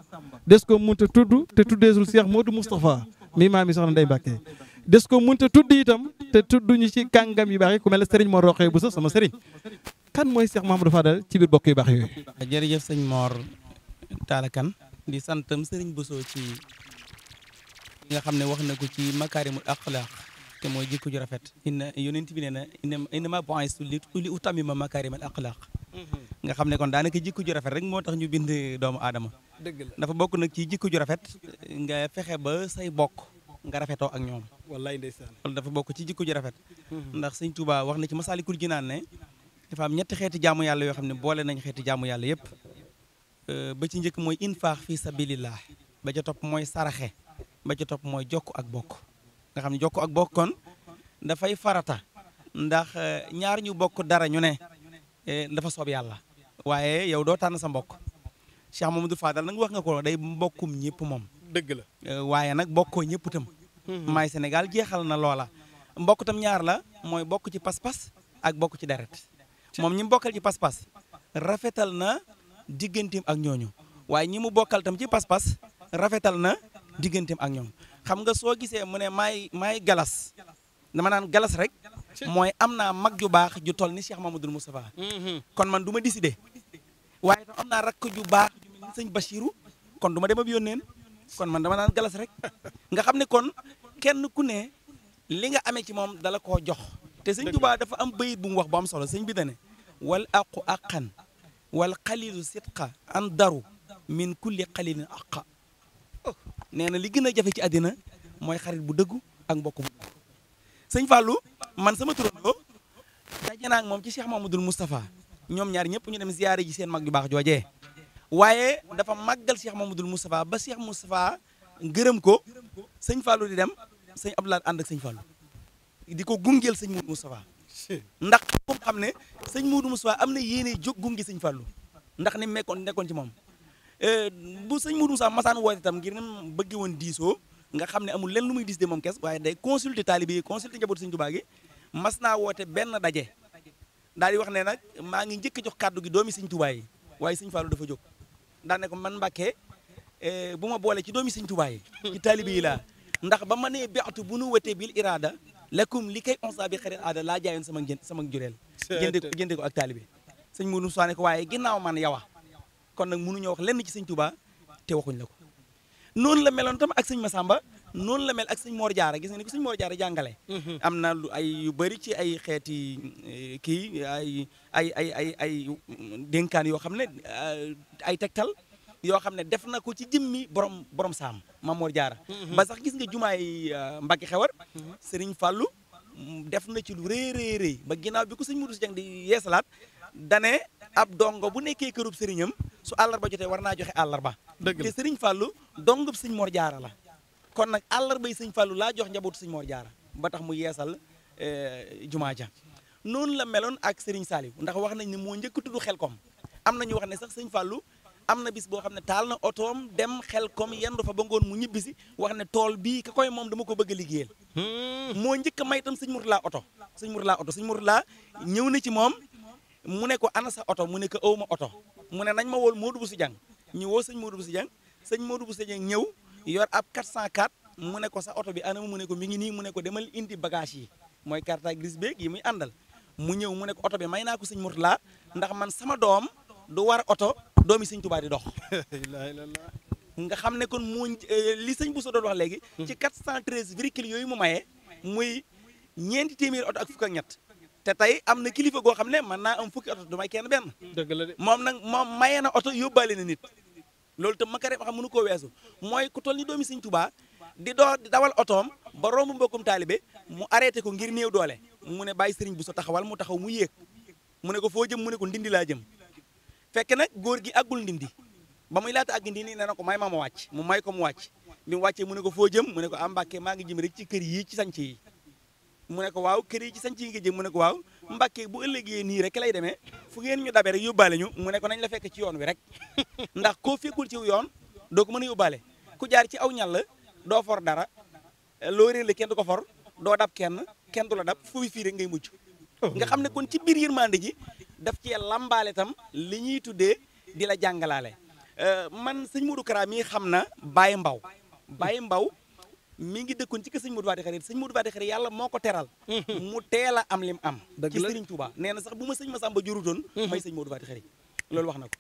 [SPEAKER 2] des ko munta tudd te tuddeesul moo du Moustapha mi maam yi soxna Ndeye Mbacké des ko munta tudd itam te tudduñu ci kàngam yi baax yi ku mel ne Serigne Mor Roqee bu sa sama Serigne kan mooy seex Cheikh Mouhamadou Fadal ci biir bokk yu baax yooyu.
[SPEAKER 3] Ah, jërëjëf sëñ Mor di Kane di santam Serigne Bousso ci nga xam ne wax na ko ci makaarimul axlaaq te mooy jikko ju rafet inna yonent bi nee na innama ma li utammima makaarimal axlaaq mm-hmm. nga xam ne kon daanaka jikko ju rafet rek moo tax ñu bind doomu aadama dëgg la dafa bokk nag ci jikko ju rafet nga fexe ba say bokk nga rafetoo ak ñoom wallaay ndeysaan loolu dafa bokk ci jikko ju rafet mm-hmm. ndax sëñ Tuubaa wax na ci Masaalikul naan ne dafa am ñetti xeeti jaamu yàlla yoo xam ne boole nañ xeeti jaamu yàlla yëpp euh, ba ci njëkk mooy infaax fi sabilillah ba ca topp mooy saraxe ba ca topp mooy jokk ak bokk nga xam ne jokk ak bokk kon dafay farata ndax eh, ñaar ñu bokk dara ñu ne eh, dafa soob yàlla waaye yow doo tànn sa mbokk Cheikh Mamadou Fadal nag wax nga ko day mbokkum ñëpp moom dëgg la eh, waaye nag bokkoo ñëpp tam hmm. maay Sénégal jeexal na loola mbokk tam ñaar la mooy bokk ci pas-pas ak bokk ci deret moom ñi mu bokkal ci pas-pas rafetal na digganteem ak ñooñu waaye ñi mu bokkal tam ci pas-pas rafetal na digganteem ak ñoom xam nga soo gisee mu ne maay maay galas dama naan galas rek mooy am naa mag ju baax ju toll ni Cheikh Mamadou Moustapha mhm. kon man du ma décidé waaye tam am naa rakk ju baax ju mel sëñ Bachirou kon du ma dem ab yónneen kon man dama naan galas rek nga xam ne kon kenn ku ne li nga amee ci moom dala koo jox te sëñ Tuubaa dafa am bayit bu mu wax bu am solo sëñ bi dane wal aqu aqan wal xalilu sidqa an daru min kulli xalilin aqa oh. nee na li gën a jafe ci àddina mooy xarit bu dëggu ak mbokk bu sëñ Fallou man sama turandoo daje naa ak moom ci Cheikh Mamadou Moustapha ñoom ñaar ñëpp ñu dem ziyaare ji seen mag yu baax joojee waaye dafa màggal Cheikh Mamadou Moustapha ba seex Moustapha gërëm ko sëñ Fallou di dem sëñ Abdoulaye ànd ak sëñ Fallou di ko gungeel sëñ Moudou Moustapha ndax comme xam ne sëñ Moudou Moustapha am na yéene jóg gunge sëñ Fallou ndax ni mekkoon nekkoon ci moom Euh, bu sëñ Mourou Moussa masaan woote tam ngir nem bëgge woon diisoo nga xam ne amul lenn lu muy diis de moom kees waaye day consulter taalibe yi consulter njaboot sëñ Tuubaa mas naa woote benn daje daal di wax ne nag maa ngi njëkk a jox kàddu gi doomi sëñ Tuubaa yi waaye sëñ Fallou dafa jog daal ko man Mbàkke euh, bu ma boole ci doomi sëñ Tuubaa yi ci taalibe yi ndax ba ma nee beatu bu nu wetee bil iraada lakum li kay onsa bi xarit aada laa jaayoon sama jën sama jureel jënde ko jënde ko ak taalibe sëñ Mourou Moussa ne ko waaye ginnaaw man yawa kon nag mënuñoo wax lenn ci sëñ Touba te waxuñ la ko noonu la meloon tam ak ma sàmba noonu la mel ak sëñ Mor Diarra gis nga ni ko sëñ Mor Diarra mhm. na lu ay yu ci ay xeeti eh, kii ay ay dénkaan yoo xam ne eh, ay tegtal yoo xam ne def na ko ci jëmmi borom borom saam Maam Mor Diarra mhm. ba sax gis nga jumaay eh, Mbacke xewar mhm. Serigne Fallou def na ci lu rëy rëy rëy ba ginnaaw bi ko sëñ Modou Sy Dieng di yeesalaat dane ab dongo bu nekkee kërub sëriñam su àllarba jotee war naa joxe àllarba te sëriñ fàllu dongub sëñ Mor Jaara la kon nag àllarbay sëñ fàllu laa jox njabootu sëñ Mor Jaara ba tax mu yeesal eh, jumaa ja noonu la meloon ak sëriñ Saaliw ndax wax nañ ne moo njëkk tudd koom am nañu wax ne sax sëñ fàllu am na bis boo xam ne taal na otoom dem xel kom yendu fa ba ngoon mu ñibbisi wax ne tool bii ka koy moom dama ko bëgg a liggéeyal hmm. moo njëkk a may itam sëñ oto sëñ Murtala oto sëñ Murtala ñëw na ci moom mu ne ko ana sa oto mu ne ko aw ma oto mu ne nañ ma wool Modou Bousso Dieng ñu woo sëñ Modou Bousso Dieng sëñ Modou Bousso Dieng ñëw yor ab 404 mu ne ko sa oto bi ana mu ne ko mi ngi nii mu ne ko demal indi bagage yi mooy carte grise yi muy àndal mu ñëw mu ne ko oto bi may naa ko sëñ laa ndax man sama doom du war oto doomi sëñ Tuubaa di dox nga xam ne kon moo li sëñ Bousso doon wax léegi ci 413 véhicules yooyu mu maye muy ñeenti téeméeri oto ak ñett te tey am na kilifa goo xam ne mën naa am fukki oto du may kenn benn.
[SPEAKER 2] dëgg la de moom na
[SPEAKER 3] moom maye na oto yóbbaale na nit. loolu itam makare ba xam mënu ko weesu mooy ku toll ni doomi Sëñ Tuubaa di door di dawal otoom ba romb mbokkum taalibe mu arrêté ko ngir néew doole mu ne bàyyi sëriñ bu sa taxawal mu taxaw mu yéeg mu ne ko foo jëm mu ne ko ndindi laa jëm fekk nag góor gi àggul ndindi ba muy laata àgg ndindi ne na ko may ma ma wàcc mu may ko mu wàcc bi mu wàccee mu ne ko foo jëm mu ne ko am ah, Mbàkke maa ngi jëm rek ci kër yii ci sanc yi mu ne waaw kër yi ci sañ ci nga mu ne ko waaw Mbàkke bu ëllëgee nii rek lay demee fu ngeen ñu dabe rek yóbbaale ñu mu nekk nañ la fekk ci yoon wi rek ndax koo fekkul ci yoon doo ko mën a yóbbaale ku jaar ci aw ñal la doo for dara loo réer la kenn du ko for doo dab kenn kenn du la dab foofu fii rek ngay mujj nga xam ne kon ci biir yërmande ji daf cee lambaale itam li ñuy tuddee di la jàngalaale euh, man sëñ Modou Kara mii xam na Baye Mbaw Baye Mbaw mi ngi dëkkoon ci kër sëñ Modou Wade Xaré sëñ Modou Wade Xaré yàlla moo ko teral mu teel a am lim am ci sëriñ Touba nee na sax bu ma sëñ Massamba jurutoon may sëñ Modou Wade Xaré loolu wax na ko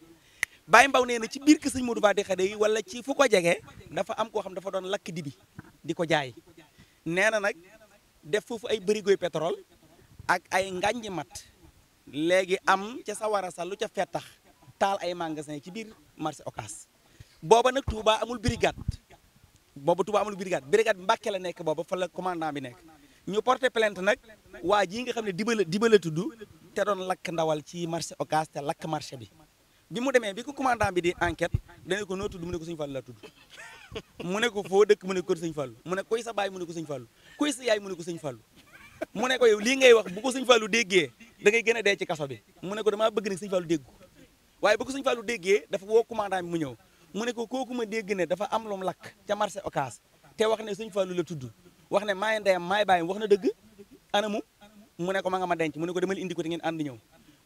[SPEAKER 3] Baye Mbaw nee na ci biir kër sëñ Modou Wade Xaré yi wala ci fu ko jege dafa am koo xam dafa doon lakk dibi di ko jaay nee na nag def foofu ay bërigoy pétrole ak ay ngànji mat léegi am ca sawara sa lu ca fettax taal ay magasin ci biir marché Ocass booba nag Touba amul brigade boobu Touba amul brigade brigade Mbàkke la nekk boobu fa la commandant bi nekk ñu porté plainte nag waa jii nga xam ne dibala dibala tudd te doon lakk ndawal ci marché Ocass lakk marché bi bi mu demee bi ko commandant bi di enquête dana ko noo tudd mu ne ko Sëñ Fallu laa tudd mu ne ko foo dëkk mu ne ko Sëñ Fallu mu ne sa baay mu ne ko Sëñ Fallu kuy sa yaay mu ne ko Sëñ Fallu mu ne ko yow lii ngay wax bu ko Sëñ Fallu déggee da ngay gën a dee ci kaso bi mu ne ko dama bëgg nag Sëñ Fallu dégg waaye bu ko Sëñ Fallu déggee dafa woo commandant bi mu ñëw mu ne ko kooku ma dégg ne dafa am lum lakk ca marché Ocass te wax ne sëñ Fallou la tudd wax ne maay ndeyam maay bàyyam wax na dëgg ana mu ne ko ma nga ma denc mu ne ko demal indi ko te ngeen ànd ñëw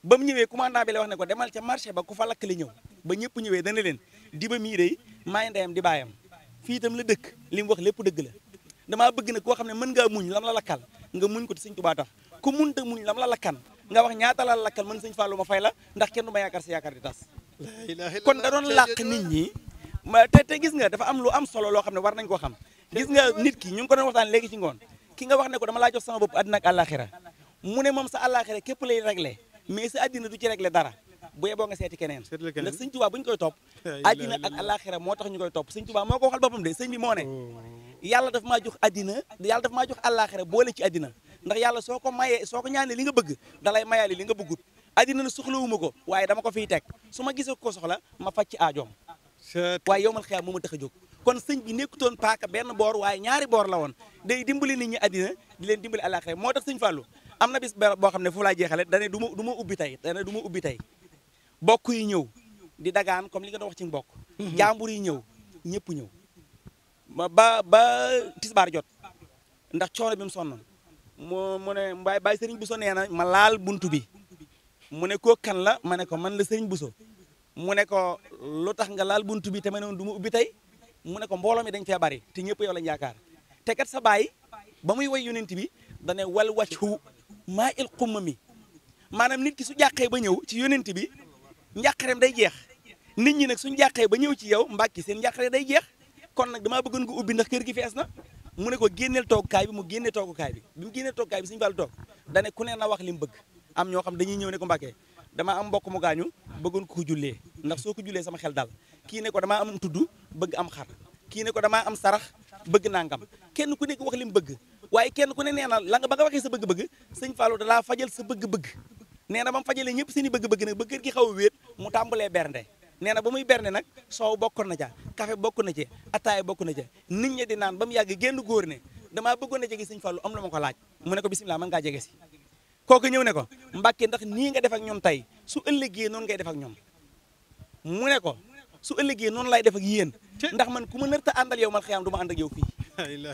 [SPEAKER 3] ba mu ñëwee commandant bi la wax ne ko demal ca marché ba ku fa lakk li ñëw ba ñëpp ñëwee dana leen di ba mii dey maay ndeyam di baayam fii tam la dëkk li mu wax lépp dëgg la damaa bëgg nag koo xam ne mën ngaa muñ mu la lakkal nga muñ ko te sëñ Tuubaa tax ku munta muñ lam la lakkan nga wax ñaata la lakkal man sëñ Fallou ma fay la ndax kenn du ma yaakaar yaakaar di tas kon da doon làq nit ñi te te gis nga dafa am lu am solo loo xam ne war nañ ko xam gis nga nit ki ñu ngi ko doon waxtaan léegi ci ngoon ki nga wax ne ko dama la jox sama bopp àddina ak àllaaxira mu ne moom sa àllaaxira képp lay réglé mais sa àddina du ci réglé dara bu yeboo nga seeti keneen ndax sëñ Tuubaa bu ñu koy topp àddina ak moo tax ñu koy topp sëñ Tuubaa moo ko waxal boppam de sëñ bi moo ne oh. yàlla daf maa jox àddina yàlla daf maa jox àllaaxira boole ci àddina ndax yàlla soo ko mayee soo ko ñaanee li nga bëgg dalay mayaale li nga bëggut àddina na soxlawuma ko waaye dama ko fi teg su ma gisee ko soxla ma faj ci aajoom waaye yow ma xiyaam moo ma tax a jóg kon sëñ bi nekkutoon paaka benn boor waaye ñaari boor la woon day dimbali nit ñi àddina di leen dimbali àllaaxira moo tax sëñ Fallou am na bis boo xam ne foofu laa jeexale dane du ma du ma ubbi tey dane du ma ubbi tey bokk yi ñëw di dagaan comme li nga doon wax ci mbokk jàmbur yi ñëw ñëpp ñëw ba ba tisbaar jot ndax coono bi mu sonnoon mu mu ne mbaay bàyyi so nee na ma laal buntu bi mu ne koo kan la ma ne ko man la Serigne Bousso mu ne ko lu tax nga laal buntu bi te ma ne woon ubbi tey mu ne ko mbooloo mi dañ fee bari te ñëpp yow lañ yaakaar te kat sa baay ba muy way yonent bi dane wal waccu maa il xumma mi maanaam nit ki su jàqee ba ñëw ci yonent bi njàqareem day jeex nit ñi nag suñ jàqee ba ñëw ci yow mbàkki seen njàqare day jeex kon nag damaa bëggoon ko ubbi ndax kër gi fees na mu ne ko génneel toogukaay bi mu génne toogukaay bi bi mu génnee toogukaay bi suñu bàllu toog dane ku ne na wax li mu bëgg am ñoo xam dañuy ñëw ne ko Mbàkke damaa am mbokk mu gaañu bëggoon ko jullee ndax soo ko jullee sama xel daal kii ne ko damaa am tudd bëgg am xar kii ne ko damaa am sarax bëgg nangam kenn ku nekk wax li mu bëgg waaye kenn ku ne nee na la nga ba nga sa bëgg-bëgg sëñ Fallou fajal sa bëgg-bëgg nee na ba fajalee ñëpp seen i bëgg-bëgg nag ba kër gi xaw a wéet mu tàmbalee bernde nee na ba muy bernde nag soow bokk na ca café bokk na ci ataaya bokk na ca nit ñi di naan ba mu yàgg genn góor ne damaa bëggoon a jege sëñ Fallou am la ma ko laaj mu ne ko bisimilah mën ngaa jege si kooku ñëw ne ko Mbàkke ndax nii nga def ak ñoom tey su ëllëgee noonu ngay def ak ñoom mu ne ko su ëllëgee noonu lay def ak yéen ndax man ku ma nërta àndal yow mal xiyaam du ma ànd ak yow fii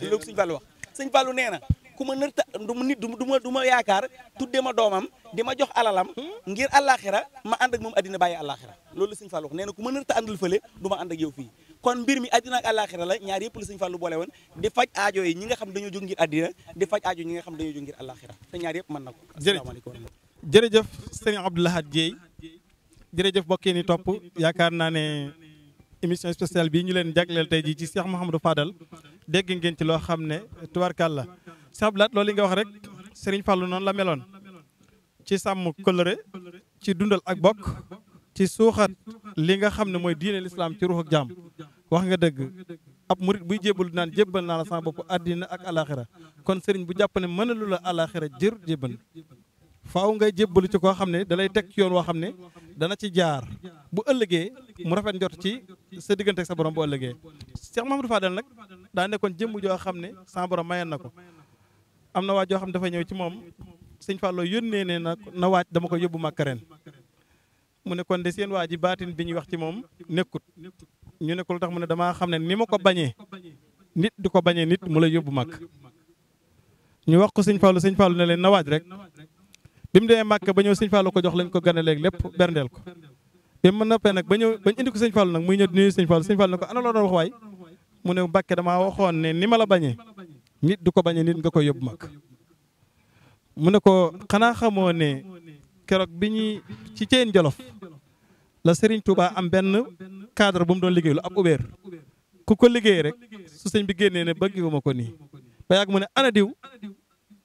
[SPEAKER 3] loolu sëñ Fallou wax sëñ Fallou nee na ku ma nërta du ma nit du ma du ma yaakaar tuddee ma doomam di ma jox alalam hmm? ngir àllaaxira ma ànd ak moom addina bàyyi allaaxira loolu la sëñ Fallou wax nee ku ma nërta àndal fële duma ma ànd ak fii kon mbir mi àddina ak àllaaxira la ñaar yëpp la sëñ Fallou boole woon di faj aajo yi ñi nga xam dañoo jóg ngir àddina di faj aajo ñi nga xam dañoo jóg ngir àllaaxira te ñaar yëpp man na
[SPEAKER 2] ko jërëjëf sëñ Abdou Lahad Dieye jërëjëf mbokk yi ni topp yaakaar naa ne émission spéciale bii ñu leen jagleel tey jii ci Cheikh Mouhamadou Fadal dégg ngeen ci loo xam ne tubarkàlla la Abdou Lahad loolu li nga wax rek sëriñ Fallou noonu la meloon ci sàmm kóllëre ci dundal ak bokk ci suuxat nga xam ne mooy diine l'islam ci wax nga dëgg ab murit buy jébbal naan jébbal naa la sama bopp àddina ak alaxira kon sëriñ bu jàpp ne mënalu la alaxira jër jébbal faw ngay jébbalu ci koo xam ne dalay teg ci yoon woo xam ne dana ci jaar bu ëllëgee mu rafet njort ci sa diggante ak sa borom bu ëllëgee Cheikh Mahamadou Fadal nag daa nekkoon jëmm joo xam ne sa borom mayoon na ko am na waa joo xam ne dafa ñëw ci moom sëñ Fallou yónnee ne na na waaj dama ko yóbbu Makka mu ne wax ci moom ñu ne ko tax mu ne damaa xam ne ni ma ko bañee nit du ko bañee nit mu la yóbbu mag ñu wax ko sëñ Fallou sëñ Fallou ne leen na waaj rek bi mu demee Màkka ba ñëw sëñ Fallou ko jox lañ ko gane léegi lépp berndeel ko bi mu noppee nag ba ñëw bañ indi ko sëñ Fallou nag muy ñëw di nuyu sëñ Fallou ko ana loo doon wax mu ne Mbàkke damaa waxoon ne ni ma la bañee nit du ko bañee nit nga koy yóbbu mag mu ne ko xanaa xamoo ne keroog bi ñuy ci ceen jolof la Serigne Touba am benn cadre bu mu doon liggéey liggéeylu ab ubeer ku ko liggéey rek su sëñ bi génnee ne bëggiwuma ko ni ba ak mu ne ana diw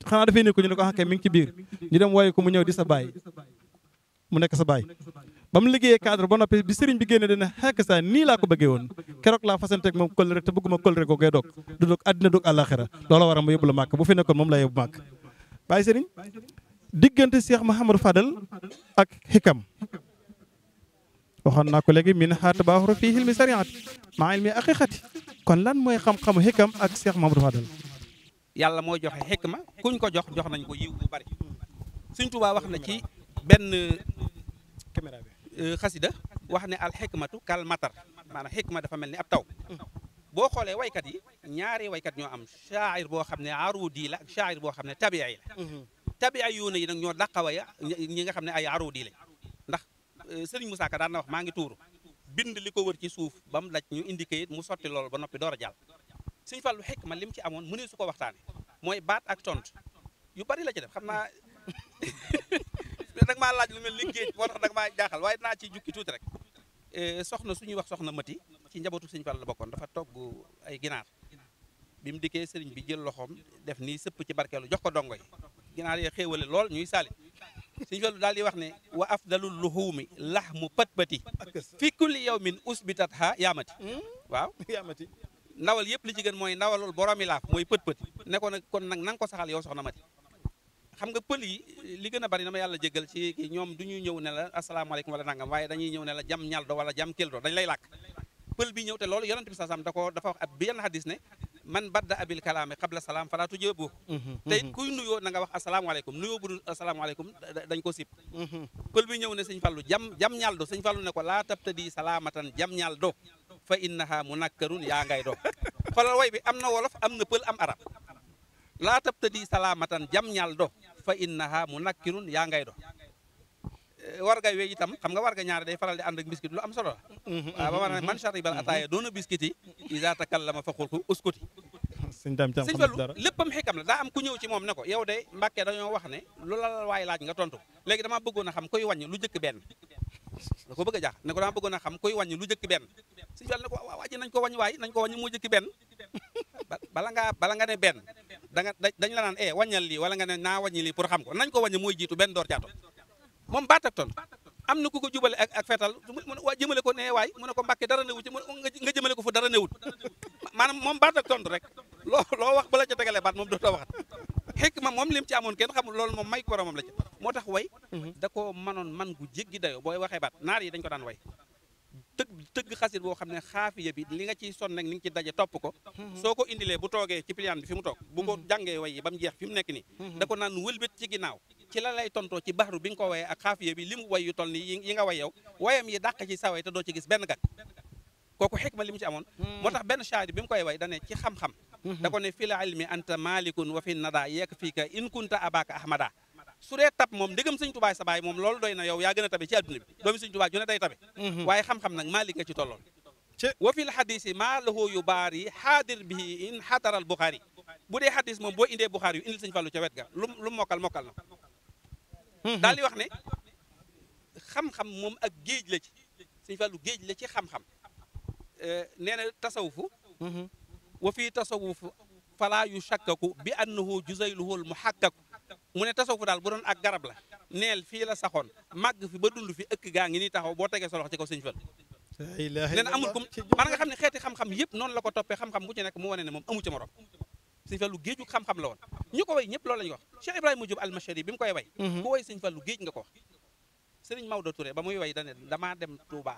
[SPEAKER 2] xanaa dafay ne ko ñu ne ko xakkee ah, mi ngi ci biir ñu dem wooye ko mu ñëw di sa baay mu nekk sa baay ba mu liggéeyee cadre ba noppi bi sëriñ bi génne dina xekk saa nii laa ko bëggee woon keroog laa fasanteeg moom kóllëre te bëgguma kóllëre ko gay doog du doog àddina doog àllaaxira loola war a ma yóbbu la màkk bu fi nekkoon moom la yóbbu màkk bàyyi sëriñ diggante Cheikh Mahamadou ak xikam waxoon naa ko léegi min ha tabaxuru fii ilmi sariati maa ilmi aqiqati kon lan mooy xam-xamu xikam ak seex Cheikh Mamadou Fadal
[SPEAKER 4] yàlla moo joxe xikma kuñ ko jox jox nañ ko yiw bu bari Sëñ Tuubaa wax na ci benn caméra euh, bi xasida wax ne al xikmatu kal matar maanaam xikma dafa mel ni ab taw boo xoolee waykat yi ñaari waykat ñoo am shaa'ir boo xam ne arudi la ak shaa'ir boo xam ne tabi'i la mhm. tabi'i yuuna yi nag ñoo dàqawaya ñi nga xam ne ay arudi lañ ndax Euh, Serigne mu Ka daan na wax maa ngi tuuru bind li ko wër ci suuf ba mu laj ñu indi kayit mu sotti loolu ba noppi door a jàll Serigne Fallou xekk man li mu ci amoon mu ne su ko waxtaane mooy baat ak tontu yu bari la ci def xam naa dag maa laaj lu mel ni géej maa jaaxal waaye dinaa ci jukki tuuti rek euh, soxna suñuy wax soxna mati ci njabootu Serigne Fallou la bokkoon dafa togg ay ginaar bi dikkee sëriñ bi jël loxoom def nii sëpp ci barkeelu jox ko dongo yi ginaar yee xéewale lool ñuy saali suñ fàllu daal di wax ne wa afdalul luhuumi lahmu patpati fi kulli yawmin usbitat ha yaamati waaw yaamati ndawal yëpp li ci gën mooy ndawalul boroomi laaf mooy pëtpëti ne ko nag kon nag na ko saxal yow na mati xam nga pël yi li gën a bari na yàlla jéggal ci ñoom du ñu ñëw ne la asalaamaaleykum wala nangam waaye dañuy ñëw ne la jam ñaldo wala jam keldo dañ lay làkk pël bi ñëw te loolu yonent bi saa sam da ko dafa wax ab benn xadis ne man badda abil kalaami qabla salaam falaa tujaabu mhm, te it mhm. kuy nuyoo na nga wax asalaamaaleykum nuyoo bu dul asalaamaaleykum dañ ko sib mhm. pël bi ñëw ne sëñ Fallu jam jam ñal do sëñ Fallu ne ko laa tabtadi salaamatan jam ñal do fa innaha munakkarun yaa ngay do xoolal way bi am na wolof am na pël am arab laa tabtadi salaamatan jam ñal do fa innaha munakkirun yaa ngay do warga we itam xam nga warga ñaari day faral di ànd ak biscuit lu am solo la
[SPEAKER 2] mm-hmm, waaw ba war mm-hmm. na man
[SPEAKER 4] charibal ataaya doona biscuit yi isa takallama fa xulku uskuti
[SPEAKER 2] sëñ Fallu
[SPEAKER 4] léppam xikam la ko yow de Mbàkke dañoo ne lu la waay laaj nga tontu léegi damaa bëggoon a xam koy wàññi lu jëkk benn da ko bëgg a jaax ne ko damaa bëggoon xam koy wàññi lu jëkk benn sëñ Fallu ne ko waa ji nañ ko wàññi waay nañ ko wàññi moo jëkk benn bala ngaa bala nga ne benn da nga dañ la naan e eh, wàññal lii wala nga ne na wàññi lii pour xam ko nañ ko wàññi mooy jiitu ben door caato moom baatak ton am na ku ko jubale ak ak wa jëmale ko ne waay mu ne ko mbake dara newut ci nga jëmale ko fu dara newut maanaam moom baat ak tontu rek loo loo wax bala ca tegalee baat moom dootoo waxat xekk ma moom lim ci amoon kenn xamul loolu moom may boromam la ci moo tax way mhm. da ko manoon man gu jéggi dayoo booy waxe baat naar yi dañ ko daan way tëgg tëgg xasit boo xam ne xaafiya bi li nga ciy son nag ni nga ci daje topp ko mhm. soo ko indilee bu toogee ci pliant bi fi mu toog bu ko mhm. jàngee way yi ba mu jeex fi mu nekk ni mhm. da ko naan ci ginnaaw ci la tontoo ci baxaru bi nga ko wayee ak xaafiya bi li mu way yu ni yi nga way yow yi dàq ci saway te doo ci gis benn gàkk kooku xikma li mu ci amoon moo tax benn shaari bi mu koy way dane ci xam-xam da ko ne fil ilmi anta malikun wa fi nada fii ka in kunta abaka ahmada su dee tab moom ndegam sëñ tubaay sa baay moom loolu doy na yow yaa gën a tabe ci àdduna bi doomi sëñ tubaa ju ne day tabe mhm. waaye xam-xam nag maalik nga ci tolloon wa fil xadisi maa lahu yu baari xaadir bihi in xataral buxaari bu dee xadis moom boo indee buxaari yu indil sëñ fàllu ca wet ga lu lu mokkal mokkal na mhm. daal di wax ne xam-xam moom ak géej la ci sëñ fàllu géej la ci xam-xam eh, nee na tasawufu mhm. wa fii tasawuf falaa shakkaku bi annahu juzayluhu al muhakkaku mu ne tasawuf daal bu doon ak garab la neel fii la saxoon màgg fi ba dund fi ëkk gaa ngi ni taxaw boo tegee sa loxo ci kaw sëñ Fall
[SPEAKER 2] nee na amul kum
[SPEAKER 4] nga xam ne xeeti xam-xam yëpp noonu la ko toppee xam-xam bu ci nekk mu wane ne moom amu ci morom sëñ Fallu géeju xam-xam la woon ñu ko way ñëpp loolu la ñu wax Cheikh Ibrahima Diop Almachari bi mu koy way mhm. ku way géej nga ko wax sëriñ Maodo ba muy way dane damaa dem Touba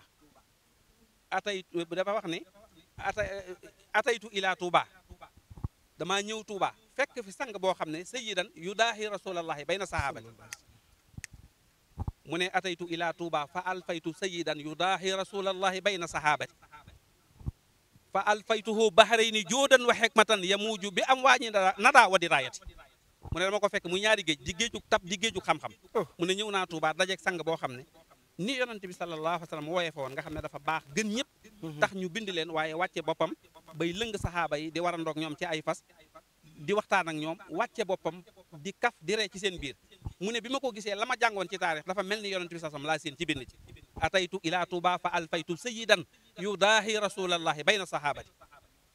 [SPEAKER 4] atay dafa wax ne atay ataytu ila Touba damaa ñëw tuuba fekk fi sang boo xam ne sayyidan yu daahi rasulallahi bayna sahaabati mu ne ataytu ila tuuba fa alfaytu sayyidan yu daahi rasulallahi bayna sahaabati fa alfaytuhu bahrayni joodan wa hikmatan yamuuju bi am waañi nadaa wa diraayati mu ne dama ko fekk mu ñaari géej di géejug tab di géejug xam-xam oh. mu ne ñëw naa Touba dajeeg sang boo xam ne ni yonante bi sallallahu alayhi wa sallam wooyee fa woon nga xam ne dafa baax gën ñëpp mhm. tax ñu bind leen waaye wàcce boppam bay lëng saxaaba yi di warandoog ñoom ci ay fas di waxtaan ak ñoom wàcce boppam di kaf di ree ci seen biir mu ne bi ma ko gisee la ma jàngoon ci taarix dafa mel ni yonante bi sallam laa seen ci bind ci ataytu ila tuuba fa alfaytu sayyidan yudaahi rasulallahi bayna sahaabati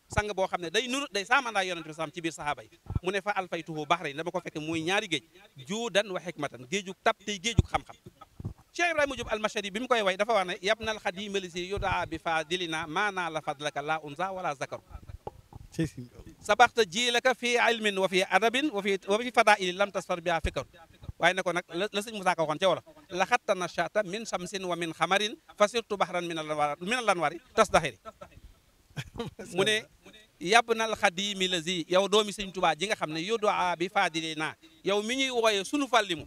[SPEAKER 4] sang boo xam ne day nuru day saamandaa yonante bi sallam ci biir sahaaba yi mu ne fa alfaytuhu baxrayn dama ko fekk muy ñaari géej juudan wa xikmatan géejug tab tey géejug xam-xam Cheikh Ibrahima Diop almashari bi mu koy way dafa wax ne yabnal xadima lisi yudaa bi fadilina maanaa la fadlaka la unsa wala zakaru sabaxta jiilaka fii ilmin wa fii adabin wa fii wa fii fadaili lam tasfar biha fikaru waaye ne ko nag la sëñ Moussa Ka waxoon ca wolof laxatta nachata min samsin wa min xamarin fa sirtu bahran min alanwaar min alanwaari tasdaxiri mu ne yabnal xadimi lasi yow doomi sëñ Tubaa ji nga xam ne yudaa bi fadilina yow mi ñuy wooye sunu fàllimu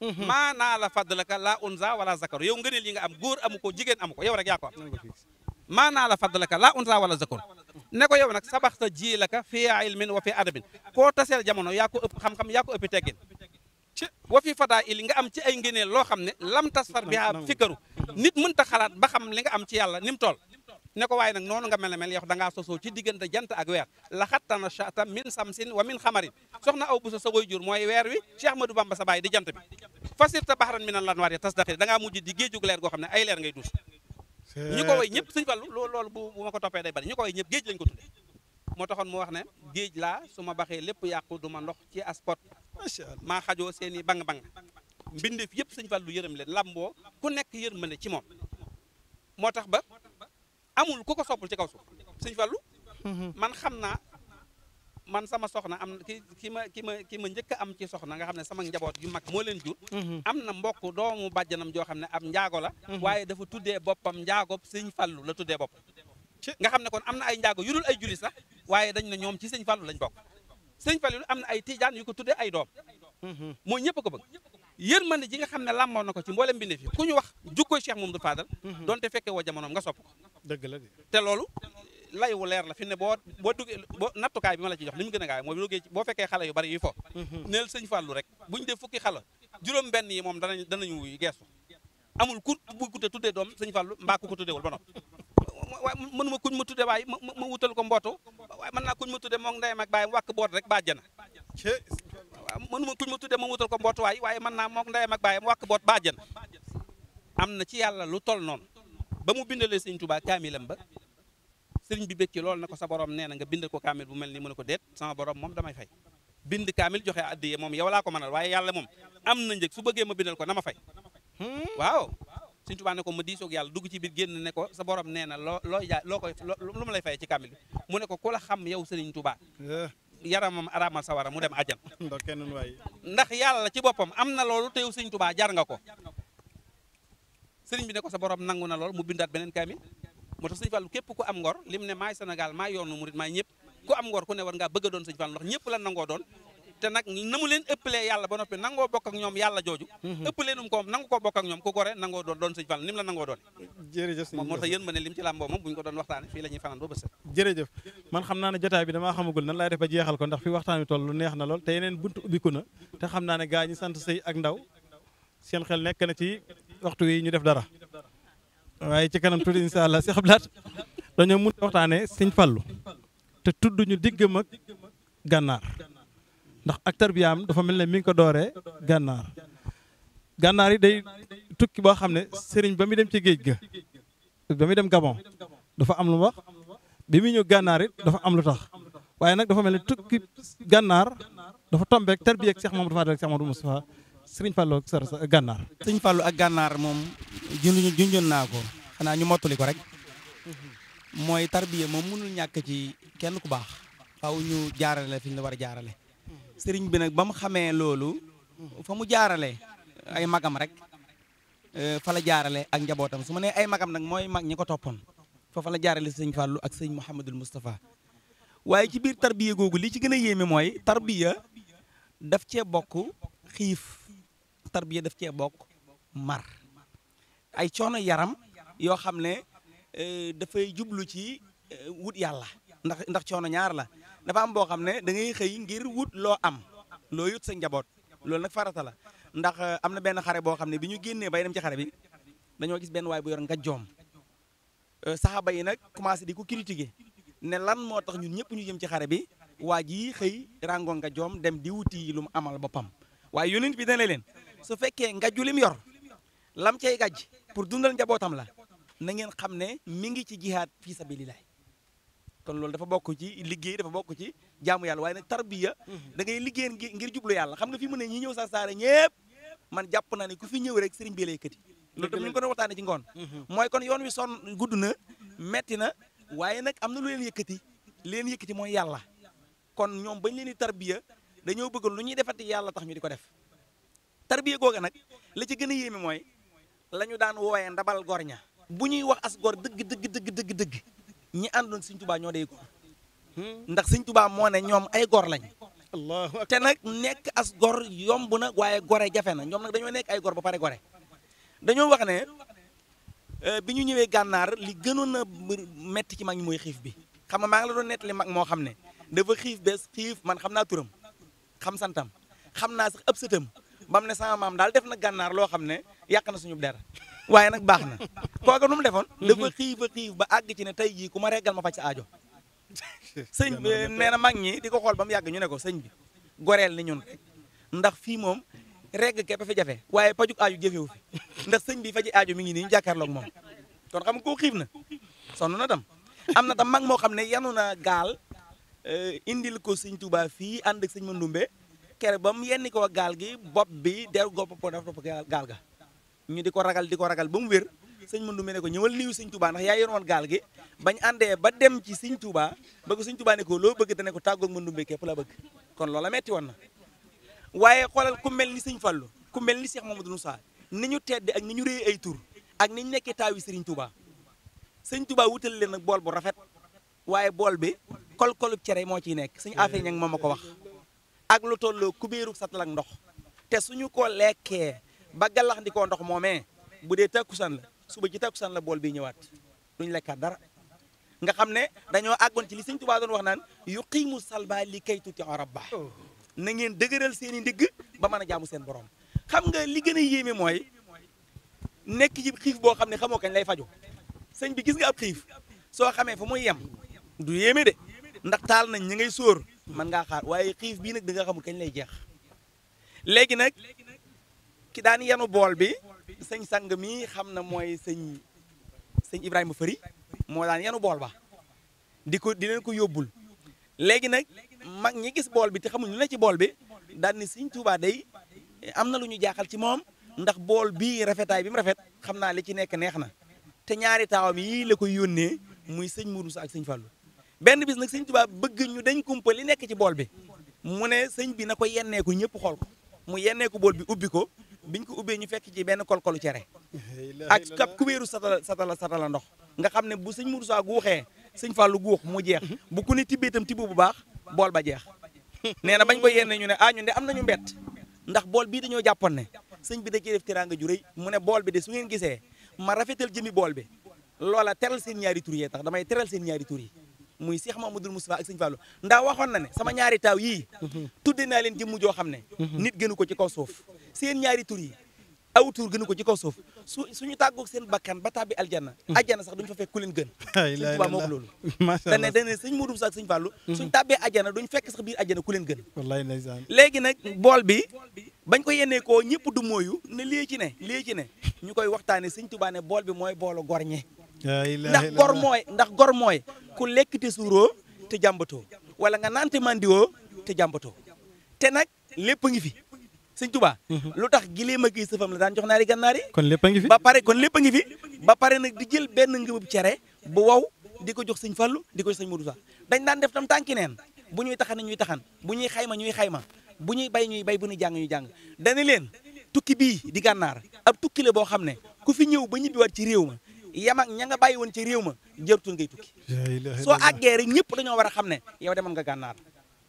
[SPEAKER 4] maa mhm. naa la fadlaka la unza wala zakaru yow ngëneel yi nga am góor amu ko jigéen amu ko yow rek yaa ko am maa naa la fadlaka la unza wala zakaru ne ko yow nag sabaxta ji la ka fi ilmin wa fi adabin koo taseel jamono yaa ko ëpp xam-xam yaa ko ëppi teggin wa fi fadaa il nga am ci ay ngëneel loo xam ne lam tasfar bi a fikaru nit ta xalaat ba xam li nga am ci yàlla ni mu toll ne ko waaye nag noonu nga mel ne mel yow da ngaa sosoo ci diggante jant ak weer la xattana chata min samsin wa min xamarin soxna aw bu sa sa jur mooy weer wi Cheikh Ahmadou Bamba sa baay jant bi fasirta baxaran min al lanwaar ya tasdaqir da mujj di géejug leer goo ne ay leer ngay duus ñi ko way ñëpp suñ fallu loolu bu ma ko toppee day bari ñi ko way ñëpp géej lañ ko tudd moo taxoon mu wax ne géej laa su baxee lépp yàqu du ma ndox ci aspot maa xajoo seen i bang-bang mbindeef yëpp suñ fallu yërëm leen lamboo ku nekk yërmande ci moom moo tax ba amul ku ko soppul ci kaw suuf sëñ Fallu mhm. man xam naa man sama soxna am na ki ma ki ma ki ma njëkk am ci soxna nga xam ne sama njaboot yu mag moo leen jur mhm. am na mbokk doomu bàjjanam joo xam ne ab njaago la mhm. waaye dafa tuddee boppam njaago sëñ Fallu la tuddee bopp nga xam ne kon am na ay njaago yurul ay julli sax waaye dañ ne ñoom ci sëñ Fallu lañ bokk sëñ Fallu am na ay tijaan yu ko tuddee ay doom mooy ñëpp ko yërmande ji nga xam ne làmmoon na ko ci mboolem bindee fi ku ñu wax jukkoy Cheikh Mamadou Fadal mhm. donte fekkee woo jamonoom nga sopp ko dëgg la te loolu lay wu leer la fi ne boo boo duggee boo nattukaay bi ma la ci jox li mu gën a gaaw mooy duggee boo fekkee xale yu bari yuy fo mhm. neel sëñ Fallou fukki xala juróom benn yi moom danañ danañu geesu amul ku bu kute tuddee doom sëñ Fallou mbaa ku ko tuddeewul ba noppi waaye mënuma kuñ ma tudde waaye ma wutal ko mbootu waaye mën naa kuñ ma tudde moom ndeyam mag baayam wàkk boot rek bàjjana mënuma kuñ ma tudde ma wutal ko mbootuwaay waaye man naa mook ndeyam ak baayam wàkk boot bàjjan am na ci yàlla lu tol noonu ba mu bindalee sëñ Tuubaa kaamilam ba sëriñ bi bëgg ci loolu na ko sa borom nee na nga bind ko kaamil bu mel nii mu ne ko deet sama borom moom damay fay bind kaamil joxe addiye moom yow laa ko mënal waaye yàlla moom am na njëg su bëggee ma bindal ko na ma fay hmm? waaw sëñ Tuubaa ne ko ma diisoog yàlla dugg ci biir génn ne ko sa borom nee na loo looy jaay loo lay fay ci kaamil bi mu ne ko ku la yow sëriñ Tuubaa eh. yaramam araamal sawara mu dem ajjan ndax yàlla ci boppam am na loolu te yow tubaa jar nga ko sëriñ bi ne ko sa borom nangu na lool mu bindaat beneen kaamil moo tax sëñ Fallu képp ku am ngor lim ne maay Sénégal maay yoonu murit maay ñëpp ku am ngor ku ne war nga bëgg doon sëñ Fallu ndax ñëpp la nangoo doon te nag na mu leen ëppalee yàlla ba noppi nangoo bokk ak ñoom yàlla jooju mhm. ëppalee num koom nangu koo bokk ak ñoom ku ko re nangoo doon doon sëñ Fall ni mu la nangoo doon jërëjëf moom moo tax yéen ne lim ci làmboo
[SPEAKER 2] xam naa ne jotaay bi damaa xamagul nan laay def ba jeexal ko ndax fi te yeneen bunt ne gaa ñi sant sëy ak ndaw seen xel nekk na ci waxtu yi ñu def dara waaye ci kanam tuuti insha allah si xablaat dañoo mun waxtaane sëñ Fallu te tudd ñu digg mag gànnaar ak tarbiyaam dafa mel ne mi ngi ko dooree gànnaar yi day tukki boo xam ne sëriñ ba muy dem ci géej ga ba muy dem Gabon dafa am lu wax bi muy ñëw gànnaar yi dafa am lu tax waaye nag dafa mel ne tukki gànnaar dafa tombeek tarbiyeek Cheikh Mamadou Fadel ak Cheikh Mamadou Moustapha
[SPEAKER 3] sëriñ Fallou ak sar gànnaar sëriñ Fallou ak gànnaar moom junduñu junjoon naa ko xanaa ñu mottali ko rek mooy tarbiye moom mënul ñàkk ci kenn ku baax faaw ñu jaarale fi ñu la war a jaarale sëriñ bi nag ba mu xamee loolu fa mu jaarale ay magam rek euh, fa la jaarale ak njabootam su ma nee ay magam nag mooy mag ñi ko toppoon foofa la jaarale sëñ Fallou ak sëñ Mouhamadul Moustapha waaye ci biir tarbiya googu li ci gën a yéeme mooy tarbiya daf cee bokk xiif tarbiya daf cee bokk mar ay coono yaram yoo xam ne euh, dafay jublu ci euh, wut yàlla ndax ndax coono ñaar la dafa am boo xam ne da ngay xëy ngir wut loo am loo yut sa njaboot loolu nag farata la ndax eh, am na benn xare boo xam ne bi ñu génnee bay dem ci xare bi dañoo gis benn waay bu yor nga joom eh, saxaaba yi nag commencé di ko critiquer ne lan moo tax ñun ñëpp ñu jëm ci xare bi waa ji xëy rango nga joom dem di wuti lu mu amal boppam waaye yonent bi dana leen su fekkee ngaju lim yor lam cay gajj pour dundal njabootam la na ngeen xam ne mi ngi ci jihaad fii sabilillah kon loolu dafa bokk ci liggéey dafa bokk ci jaamu yàlla waaye nag tarbiya mhm. da ngay liggéey ngir jublu yàlla xam nga fi mu ne ñi ñëw Sarsara ñëpp man jàpp naa ne ku fi ñëw rek sëriñ bi lay kët yi loolu tam ñu ko doon mhm. mooy kon yoon wi son gudd na metti na waaye nag am na lu leen yëkkati leen yëkkati mooy yàlla kon ñoom bañ leen di tarbiya dañoo bëgg lu ñuy defati yàlla tax ñu di ko def tarbiya googa nag la ci gën a yéeme mooy la ñu daan wooyee ndabal gor ña bu ñuy wax as gor dëgg dëgg dëgg dëgg dëgg ñi àndoon sëñ Tuubaa ñoo day góor ndax sëñ Tuubaa moo ne ñoom ay gor lañ te nag nekk as gor yomb na waaye gore jafe na ñoom nag dañoo nekk ay gor ba pare gore dañoo wax ne euh, bi ñu ñëwee gànnaar li gënoon a metti ci mag ñi mooy xiif bi xam nga maa ngi la doon nettali mag moo xam ne dafa xiif bés xiif man xam naa turam xam santam xam naa sax ëpp sëtam ba mu ne sama maam daal def na gànnaar loo xam ne yàq na suñu der waaye nag baax na kooka nu mu defoon. Mhm. dafa xiif a ba àgg ci ne tey jii ku ma reggal ma faj sa aajo. sëñ bi nee na mag ñi di ko xool ba mu yàgg ñu ne ko sëñ bi goreel ni ñun ndax fii moom regg ke ba fi jafe waaye pajuk aaju jëfewu fi ndax sëñ bi faji ajo mi ngi nii ñu jàkkaarloog moom kon xam nga koo xiif na sonn na tam am na tam mag moo xam ne yanu na gaal eh, indil ko sëñ Tuubaa fii ànd ak sëñ Mandumbe kere ba mu yenni koo gaal gi bopp bi der gopp po daf topp gaal ga ñu di ko ragal di ko ragal ba mu wér sëñ Mandumbe ne ko ñëwal nuyu sëñ Touba na yaa yor woon gaal gi bañ àndee ba dem ci sëñ Touba ba ko sëñ Touba ne ko loo bëgg dane ko tàggoog Mandumbe képp la bëgg kon loola metti woon na waaye xoolal ku ni sëñ Fallou ku mel ni Cheikh Mamadou saa ni ñu tedd ak ni ñu réy ay tur ak ni ñu nekkee taawi sëriñ Touba sëñ Touba wutal leen nag bool bu rafet waaye bool bi kol-kolub cere moo ciy nekk suñu affaire ñangi moom ma ko wax ak lu tolloo kubéeru satal ak ndox te suñu ba gallax ndikoo ndox moomee bu dee takkusaan la suba ci takkusaan la bool bi ñëwaat duñ lekkaat dara nga xam ne dañoo àggoon ci li sëñ Tuubaa doon wax naan yuqiimu salba li kay tuti rabba na ngeen dëgëral seen i ndigg ba mën a jaamu seen borom xam nga li gën a yéeme mooy nekk ci xiif boo xam ne xamoo kañ lay faju sëñ bi gis nga ab xiif soo xamee fa muy yem du yéeme de ndax taal nañ ñi ngay sóor mën ngaa xaar waaye xiif bii nag da nga xamul kañ lay jeex nag ki daan yenu bool bi sëñ sang mi xam na mooy sëñ sëñ Ibrahima Fëri moo daan yenu bool ba di ko dina leen ko yóbbul léegi nag mag ñi gis bool bi te xamuñ lu ci bool bi daan ni sëñ Tuubaa day am na lu ñu jaaxal ci moom ndax bool bii rafetaay bi mu rafet xam naa li ci nekk neex na te ñaari taawam yii la koy yónnee muy sëñ Mourou Sa ak sëñ Fallou benn bis nag sëñ Tuubaa bëgg ñu dañ kumpa li nekk ci bool bi mu ne sëñ bi na ko yenneeku ñëpp xool ko mu yenneeku bool bi ubbi ko biñ ko ubbee ñu fekk ci benn kolkolu cere ak kap kubéeru satala satala satala ndox nga xam ne bu muru Mourou Sow guuxee sëñ Fallou guux mu jeex mhm. bu ku ne tam itam tibb bu baax bool ba jeex nee na bañ ko yéene ñu ne ah ñun ne am nañu mbett ndax bool bii dañoo jàppoon ne sëñ bi da ciy def teraanga ju rëy mu ne bool bi de su ngeen gisee ma rafetal jëmi bool bi loola teral seen ñaari tur yee tax damay teral seen ñaari tur muy Cheikh Mamadou Moustapha ak sëñ Fallou ndax waxoon na ne sama ñaari taaw yii tudde naa leen jëmm joo xam ne nit gënu ko ci kaw suuf seen ñaari tur yi aw tur gënu ko ci kaw suuf su suñu tàggoog seen bakkan ba tàbbi aljanna mm. aljanna sax duñu fa fekk leen gën sëñ Tuubaa moo ko loolu dane dane sëñ Modou Moustapha ak sëñ Fallou mm. suñu tàbbee aljanna duñu fekk sax biir aljanna ku leen gën wallaay léegi nag bool bi bañ ko yennee koo ñëpp du mooyu ne lii ci ne lii ci ne ñu koy waxtaane sëñ Tuubaa ne bool bi mooy boolu gorñe
[SPEAKER 2] ndax gor
[SPEAKER 3] mooy ndax gor mooy ku lekk te suuroo te jàmbatoo wala nga naan te mandiwoo te jàmbatoo te nag lépp ngi fi sëñ Tuubaa mhm. lu tax gileem ak sëfam la daan jox naa naari gànnaar yi kon lépp a ngi fi ba pare kon lépp a fi ba nag di jël benn ngëbub cere bu wow di ko jox sëñ Fallu di ko jox sëñ Modou Sax dañ daan def tam tànki neen bu ñuy taxane ñuy taxan bu ñuy xayma ñuy xayma bu ñuy bay ñuy bay bu ñuy jàng ñuy jàng dana leen tukki bii di gànnaar ab tukki la boo xam ne ku fi ñëw ba ñibbiwaat ci réew ma yam ak ña nga bàyyi woon ci réew ma jërtul ngay tukki soo àggee rek ñëpp dañoo war a xam ne yow demoon nga gànnaar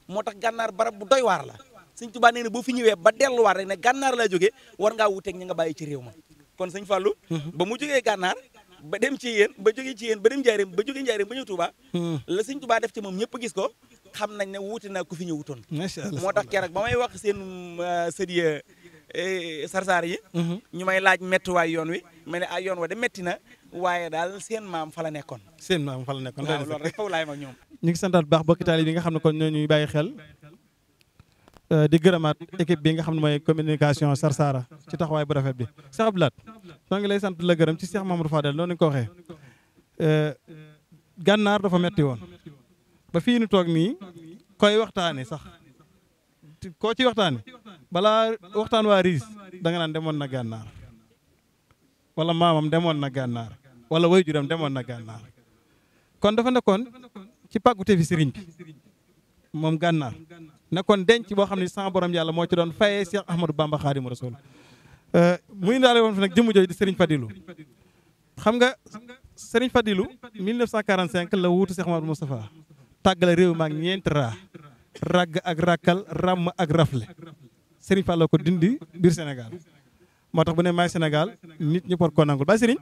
[SPEAKER 3] moo tax gànnaar barab bu doy waar la sëñ Tuubaa nee na boo fi ñëwee ba delluwaat rek ne gànnaar laa jógee war ngaa wuteeg ña nga bàyyi ci réew ma kon sëñ Fallou mhm. ba mu jógee gànnaar ba dem ci ba jógee ci yéen ba dem njaareem ba jógee njaareem ba ñëw Touba. Mhm. la sëñ Touba def ci moom ñëpp gis ko xam nañ ne wuute naa ku fi ñu wutoon moo tax keroog ba may wax seen euh, sëriñ euh, sarsaar yi mhm. ñu may laaj waa yoon wi ma ne ah yoon wa de métti na waaye daal seen maam fa la nekkoon. seen maam fa la nekkoon waaw loolu rek laay mag ñoom.
[SPEAKER 2] ñu ngi santaat baax bokki taali bi nga xam ne kon ñoo ñuy bàyyi xel. Euh, di gërëmaat équipe bi nga xam ne mooy communication Sarsara ci taxawaay bu rafet bi. Cheikh Abdou soo ngi lay sant la gërëm ci Cheikh Mamadou Fadel noonu ñu ko waxee. Euh, gànnaar dafa metti woon. ba fii nu toog nii koy waxtaanee sax koo ci waxtaanee balaa waxtaan waa riis da nga naan demoon na gànnaar wala maam demoon na gànnaar. wala way juram demoon na gànnaar kon dafa nekkoon ci pàggute fi sëriñ bi moom gànnaar nekkoon denc boo xam ne sama borom yàlla moo ci doon fayee Cheikh Ahmadou Bamba Xaadimu Rasuul euh, muy indaale woon fi nag jëmm di sëriñ Fadilu xam nga sëriñ Fadilu 1945 la wuutu Cheikh Ahmadou Moustapha tàggale réew maag ñeenti raa ragg ak rakkal ràmm ak rafle sëriñ Fall ko biir Sénégal moo tax bu ne maay Sénégal nit ñi por ba sëriñ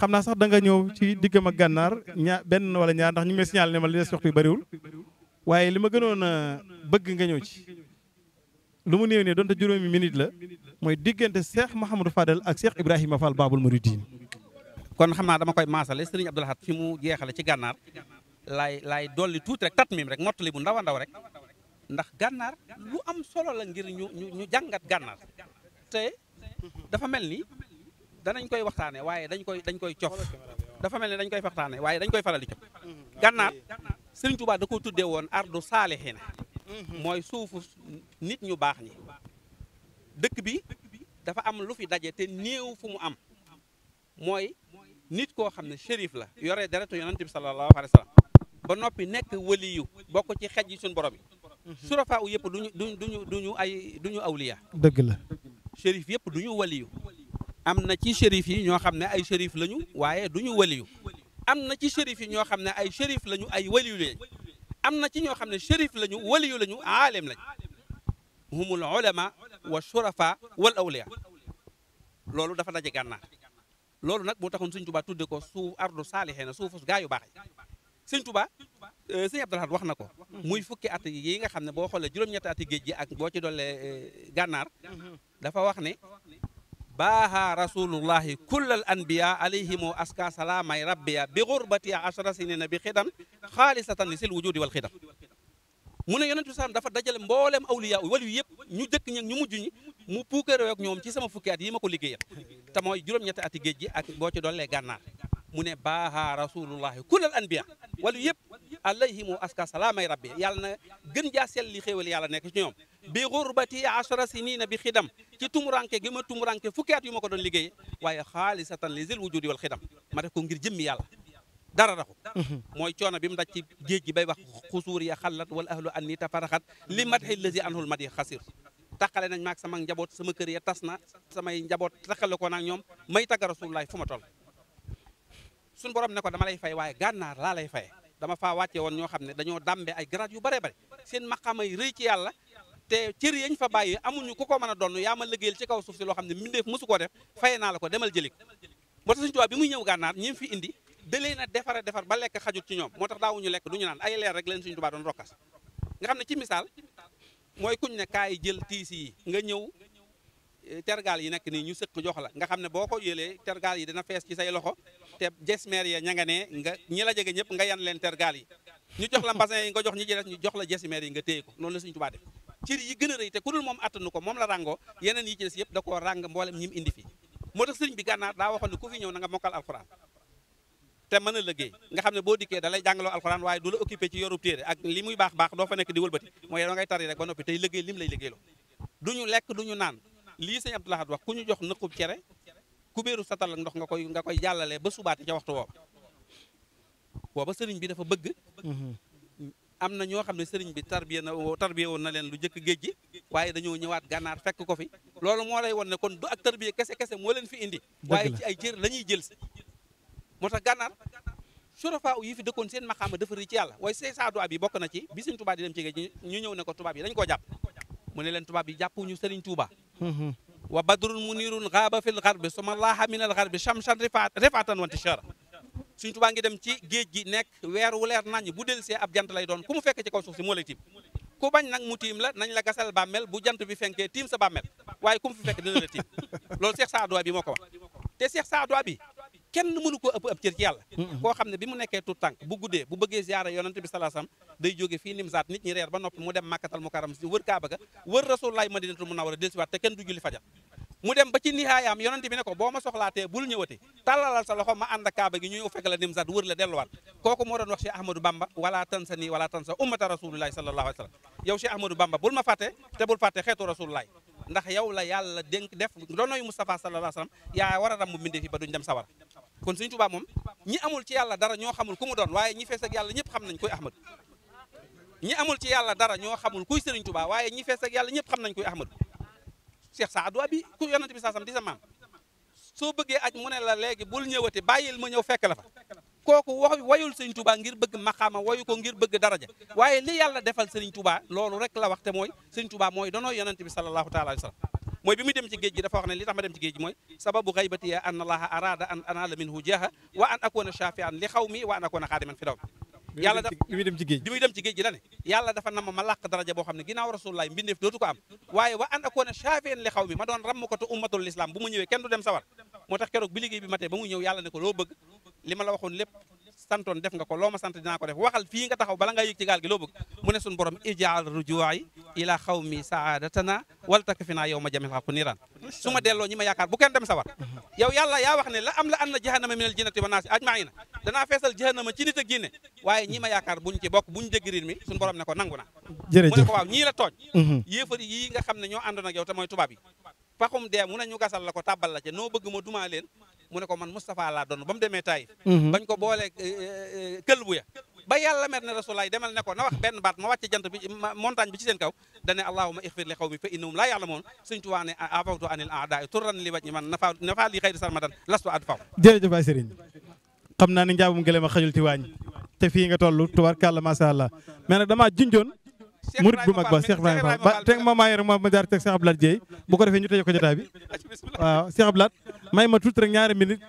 [SPEAKER 2] xam naa sax danga nga ñëw ci diggam ak gànnaar ñaar benn wala ñaar ndax ñu ngi may signalé ne ma li des waxtu yu bariwul waaye li ma gënoon a bëgg nga ñëw ci lu mu néew ne donte juróomi minute la mooy diggante Cheikh Mouhamadou Fadel ak seex Ibrahima Fall Babul Mouridine kon xam naa dama
[SPEAKER 4] koy maasale Serigne Abdoul Ahad fi mu jeexale ci gànnaar laay laay dolli tuuti rek tat miim rek mottali bu ndaw ndaw rek ndax gànnaar lu am solo la ngir ñu ñu jàngat gànnaar mel ni danañ koy waxtaane waaye dañ koy dañ koy cof dafa mel ni dañ koy waxtaane waaye dañ koy faral di cof
[SPEAKER 5] mm-hmm. gànnaar
[SPEAKER 4] sëriñ Tuubaa da ko tuddee woon ardu saalihiina mm-hmm. mooy suufu nit ñu baax ni dëkk bi dafa am lu fi daje te néew fu mu am mooy nit koo xam ne shérif la yore deretu yonante bi sallallahu alayhi wa sallam ba noppi nekk waliyu bokk ci xej yi suñu borom yi mm-hmm. surafa u yëpp duñu duñu duñu ay duñu awliya dëgg la shérif yëpp duñu waliyu am na ci shérif yi ñoo xam ne ay shérif lañu waaye du ñu waliyu am na ci shérif yi ñoo xam ne ay shérif lañu ay waliyu lañ am na ci ñoo xam ne shérif lañu waliyu lañu aalim lañ humul ulama wa shurafa wal awliya loolu dafa daje gànnaar loolu nag moo taxoon sëñ Tuubaa tudde ko suuf ardu saalihiina suufu gaa yu baax yi sëñ Tuubaa eh, sëñ Abdul wax na ko muy fukki at yi nga xam ne boo xoolee juróom-ñetti ati géej gi ak boo ci doole eh, gànnaar mm-hmm. dafa wax ne baaha rasulullahi kullal anbiya alayhimu aska salaamay rabbiya bi gurbati ashara sinina bi xidam xaalisatan li sil wujudi wal xidam mu ne yonentu salaam dafa dajale mboolem awliya wal yu yëpp ñu jëkk ñi ñu mujj ñi mu puukarew ak ñoom ci sama fukki at yi ma ko liggéeyal te juróom-ñetti ati géej gi ak boo ci dollee gànnaar mu ne baaha rasulullahi kullal anbiya wal yu yëpp alayhimu aska salaamay rabbiya yàlla na gën jaa sell li xéewal yàlla nekk ci ñoom bi xurbati ashara sinina bi xidam ci tumuranke gi ma tumuranke fukki at yu ma ko doon liggéeye waaye xaalisatan li zil wujudi wal xidam ma def ko ngir jëmmi yàlla dara raxu mooy coono bi mu daj ci géej gi bay wax xusuur ya xallat wal ahlu a tafaraxat a matxi lazi anhul madi xasir taxale nañ maak sama njaboot sama kër ya tas na samay njaboot taqale ko naag ñoom may tagga rasulullaay fu ma toll sun borom ne ko dama lay fay waaye gànnaar laa lay faye dama fa wàcce woon ñoo xam ne dañoo dàmbe ay grade yu bare bare seen maqaamay rëy ci yàlla te cër yañ fa bàyyi amuñu ku ko mën a donn yaa ma liggéeyal ci kaw suuf si loo xam ne mbindeef mosu koo def faye naa la ko demal jëli ko moo tax Sëñ Tuubaa bi muy ñëw gànnaar ñi fi indi da leen a defara defar ba lekk xajut ci ñoom moo tax daawuñu lekk duñu naan ay leer rek leen Sëñ Tuubaa doon rokkas nga xam ne ci misaal mooy kuñ ne kaay jël tiis yi nga ñëw eh, tergaal yi nekk nii ñu sëq jox la nga xam ne boo ko yëlee tergaal yi dina fees ci say loxo te jesmeer ya ña nga ne nga ñi jege ñëpp nga yan leen tergaal yi ñu jox la mbasin yi nga jox ñi ci des ñu jox la jesimeer yi nga téye ko noonu la suñu tubaa def yi gën a rëy te ku dul moom attanu ko moom la ràngoo yeneen yi ci des da koo ràng mboolem ñi indi fi moo tax sëriñ bi gànnaar daa waxoon ne ku fi ñëw na nga mokkal alxuraan te mën a liggéey nga xam ne boo dikkee da lay jàngaloo alxuraan waaye du la occupé ci yorub téere ak li muy baax baax doo fa nekk di wëlbati mooy da ngay tari rek ba noppi naan lii wax ku ñu jox nëkkub cere ku béeru satal ak ndox nga koy nga koy jàllale ba subaate ca waxtu booba sëriñ bi dafa bëgg am na ñoo xam ne sëriñ bi tarbiya na tarbiya woon na leen lu jëkk géej gi waaye ñëw ñëwaat gànnaar fekk ko fi loolu moo lay won ne kon du ak tarbiya kese kese moo leen fi indi waaye ci ay jër la ñuy jël si moo tax gànnaar surafa yi fi dëkkoon seen maxaama dafa rëy ci yàlla waaye see saadu ab yi bokk na ci bi sëriñ tubaab di dem ci géej ñu ñëw ne ko tubaab yi dañ koo jàpp mu ne leen tubaab yi jàppu ñu sëriñ tuuba mm-hmm. wa badrun munirun gaaba fil garbi suma laaha min al garbi suñ tubaa ngi dem ci géej gi nekk weer wu leer bu del see ab jant lay doon ku mu fekk ci kaw suuf si moo lay tiim ku bañ nag mu tiim la nañ la gasal bàmmel bu jant bi fenkee tiim sa bàmmel waaye ku mu fi fekk dina la tiim loolu Cheikh Saadou bi moo ko wax te Cheikh Saadou bi kenn mënu koo ëpp ab cër ci yàlla koo xam ne bi mu nekkee tout tànk bu guddee bu bëggee ziyaara yonante bi salaasam day jóge fii nim nit ñi reer ba noppi mu dem màkkatal mu karam si wër kaaba ga wër rasulullaay madinatul munawwara del si waat te kenn du julli mu dem ba ci nihaayaam yonent bi ne ko boo ma soxlaatee bul ñëwati tàllalal sa loxo ma ànd ak kaaba gi ñu ñëw fekk la nim sat wër la delluwaat kooku moo doon wax Cheikh Ahmadou Bamba wala tansa nii wala tansa ummata rasulullahi sallallahu alayhi wa sallam yow Cheikh Ahmadou Bamba bul ma fàtte te bul fàtte xeetu rasulullahi ndax yow la yàlla dénk def doonoyu Moustapha sallallahu alayhi sallam yaa war a ram bu mbindee fi ba duñ dem sawar kon Sëriñ Tuubaa moom ñi amul ci yàlla dara ñoo xamul ku mu doon waaye ñi fees ak yàlla ñëpp xam nañ koy Ahmadu ñi amul dara ñoo xamul kuy Sëriñ waaye ñi yàlla ñëpp xam nañ koy Ahmadu Cheikh Saadu Abi ku yonante bi saasam di sa maam soo bëggee aj mu ne la léegi bul ñëwati bàyyil ma ñëw fekk la fa kooku wax wayul sëriñ Touba ngir bëgg maxaama wayu ko ngir bëgg daraja waaye li yàlla defal sëriñ tubaa loolu rek la wax te mooy sëriñ Touba mooy danoo yonante bi sallallahu taala alayhi wa sallam mooy bi mu dem ci géej gi dafa wax ne li tax ma dem ci géej gi mooy sababu xaybatiya an allaha arada an anala minhu jaaha wa an akuna shafian li xaw mi wa an akuna xaadiman fi daw yàlla daf bi muy dem ci géej bi muy dem ci géej gi la ne yàlla dafa nam ma làq daraja boo xam ne ginnaaw rasulullaay mbindeef dootu ko am waaye wa an akoona shaafeen li xaw mi ma doon rammukatu ummatul islam bu ma ñëwee kenn dem sawar moo tax keroog bi liggéey bi ba mu ñëw yàlla ne ko loo bëgg li ma la santoon def nga ko loo ma sant dinaa ko def waxal fii nga taxaw bala nga yëg ci gaal gi loo bëgg mu ne borom ijaal rujuwaay ila xaw mi saadatana wal takfi naa yow ma jamil xaqu niiraan su ma delloo ñi yaakaar bu kenn dem sawar yow yàlla yaa wax ne la am la an na jahannama minal jinnati wa naasi ajmaina danaa feesal jahannama ci nit ak jinne waaye ñi yaakaar buñ ci bokk buñ dégg mi suñu borom ne ko nangu naa mu ko waaw ñii la tooñ mhm. mu ne ko man Moustapha laa doon ba mu demee Taïf mhm. bañ ko boolee eh, eh, eh, kël bu ya ba yàlla mer ne rasulaay demal ne ko na wax benn baat ma wàcce jant bi montagne bi ci seen kaw dane allahuma ixfir li xaw mi fa innahum laa ya'lamuun suñ tubaa ne afawtu anil a'daa turran li wajhi man nafa li xayri sarmadan lastu ad faw
[SPEAKER 2] jërëjëf Baye Serigne xam naa ni njaabum gëlëm a xajul ci waañ te fii nga toll tubarkàlla macha allah mais nag damaa junjoon murit bu mag ba Cheikh Ibrahima ba teg ma maay rek ma ma jaar teg Cheikh Abdoulaye Dieye bu ko defee ñu tëjee ko jotaay bi waaw Cheikh Abdoulaye may ma tuuti rek ñaari minute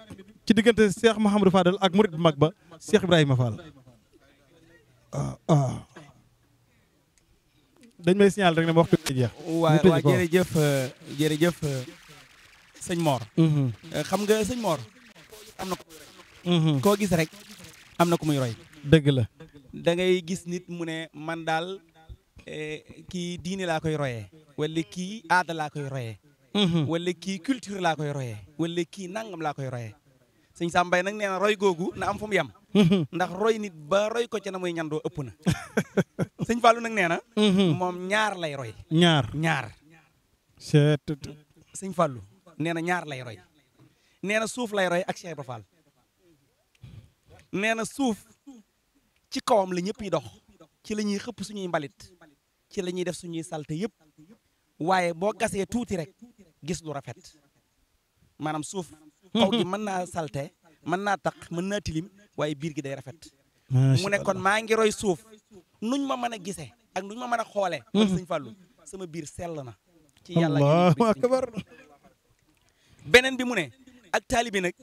[SPEAKER 2] ci diggante Cheikh Mouhamadou Fadal ak murit bu mag ba Cheikh Ibrahima Fall waaw ah, ah. dañ may signal rek ne ma waxtu bi jeex. waaw waaw jërëjëf
[SPEAKER 3] euh, euh, mm-hmm. euh, xam nga sëñ Mor am na mm-hmm. koo gis rek am na ku muy roy. dëgg la da gis nit mu ne man daal. Eh, kii diine laa koy royee wala kii aada laa koy royee mhm. wala kii culture laa koy royee wala kii nangam laa koy royee sëñ Sam Mbaye na roy googu na am fu mu yem mhm. ndax roy nit ba roy ko ci na muy ñandoo ëpp na sëñ Fallou nag nee na mhm. moom ñaar lay roy
[SPEAKER 2] ñaar ñaar
[SPEAKER 3] sëñ Fallou nee na ñaar lay roy nee suuf lay roy ak Cheikh Ibra Fall suuf ci kawam la ñëpp dox ci la ñuy xëpp suñuy mbalit ci la ñuy def suñuy salte yëpp waaye boo gasee tuuti rek gis lu rafet maanaam suuf kaw gi mën naa salte mën naa taq mën naa tilim waaye biir gi day rafet mu ne kon maa ngi suuf nuñ ma mën a gisee ak nuñ ma mën a xoolee man hmm. sëñ Fallou sama biir sell na ci yàlla allahu akbar beneen bi mu ne ak taali bi nag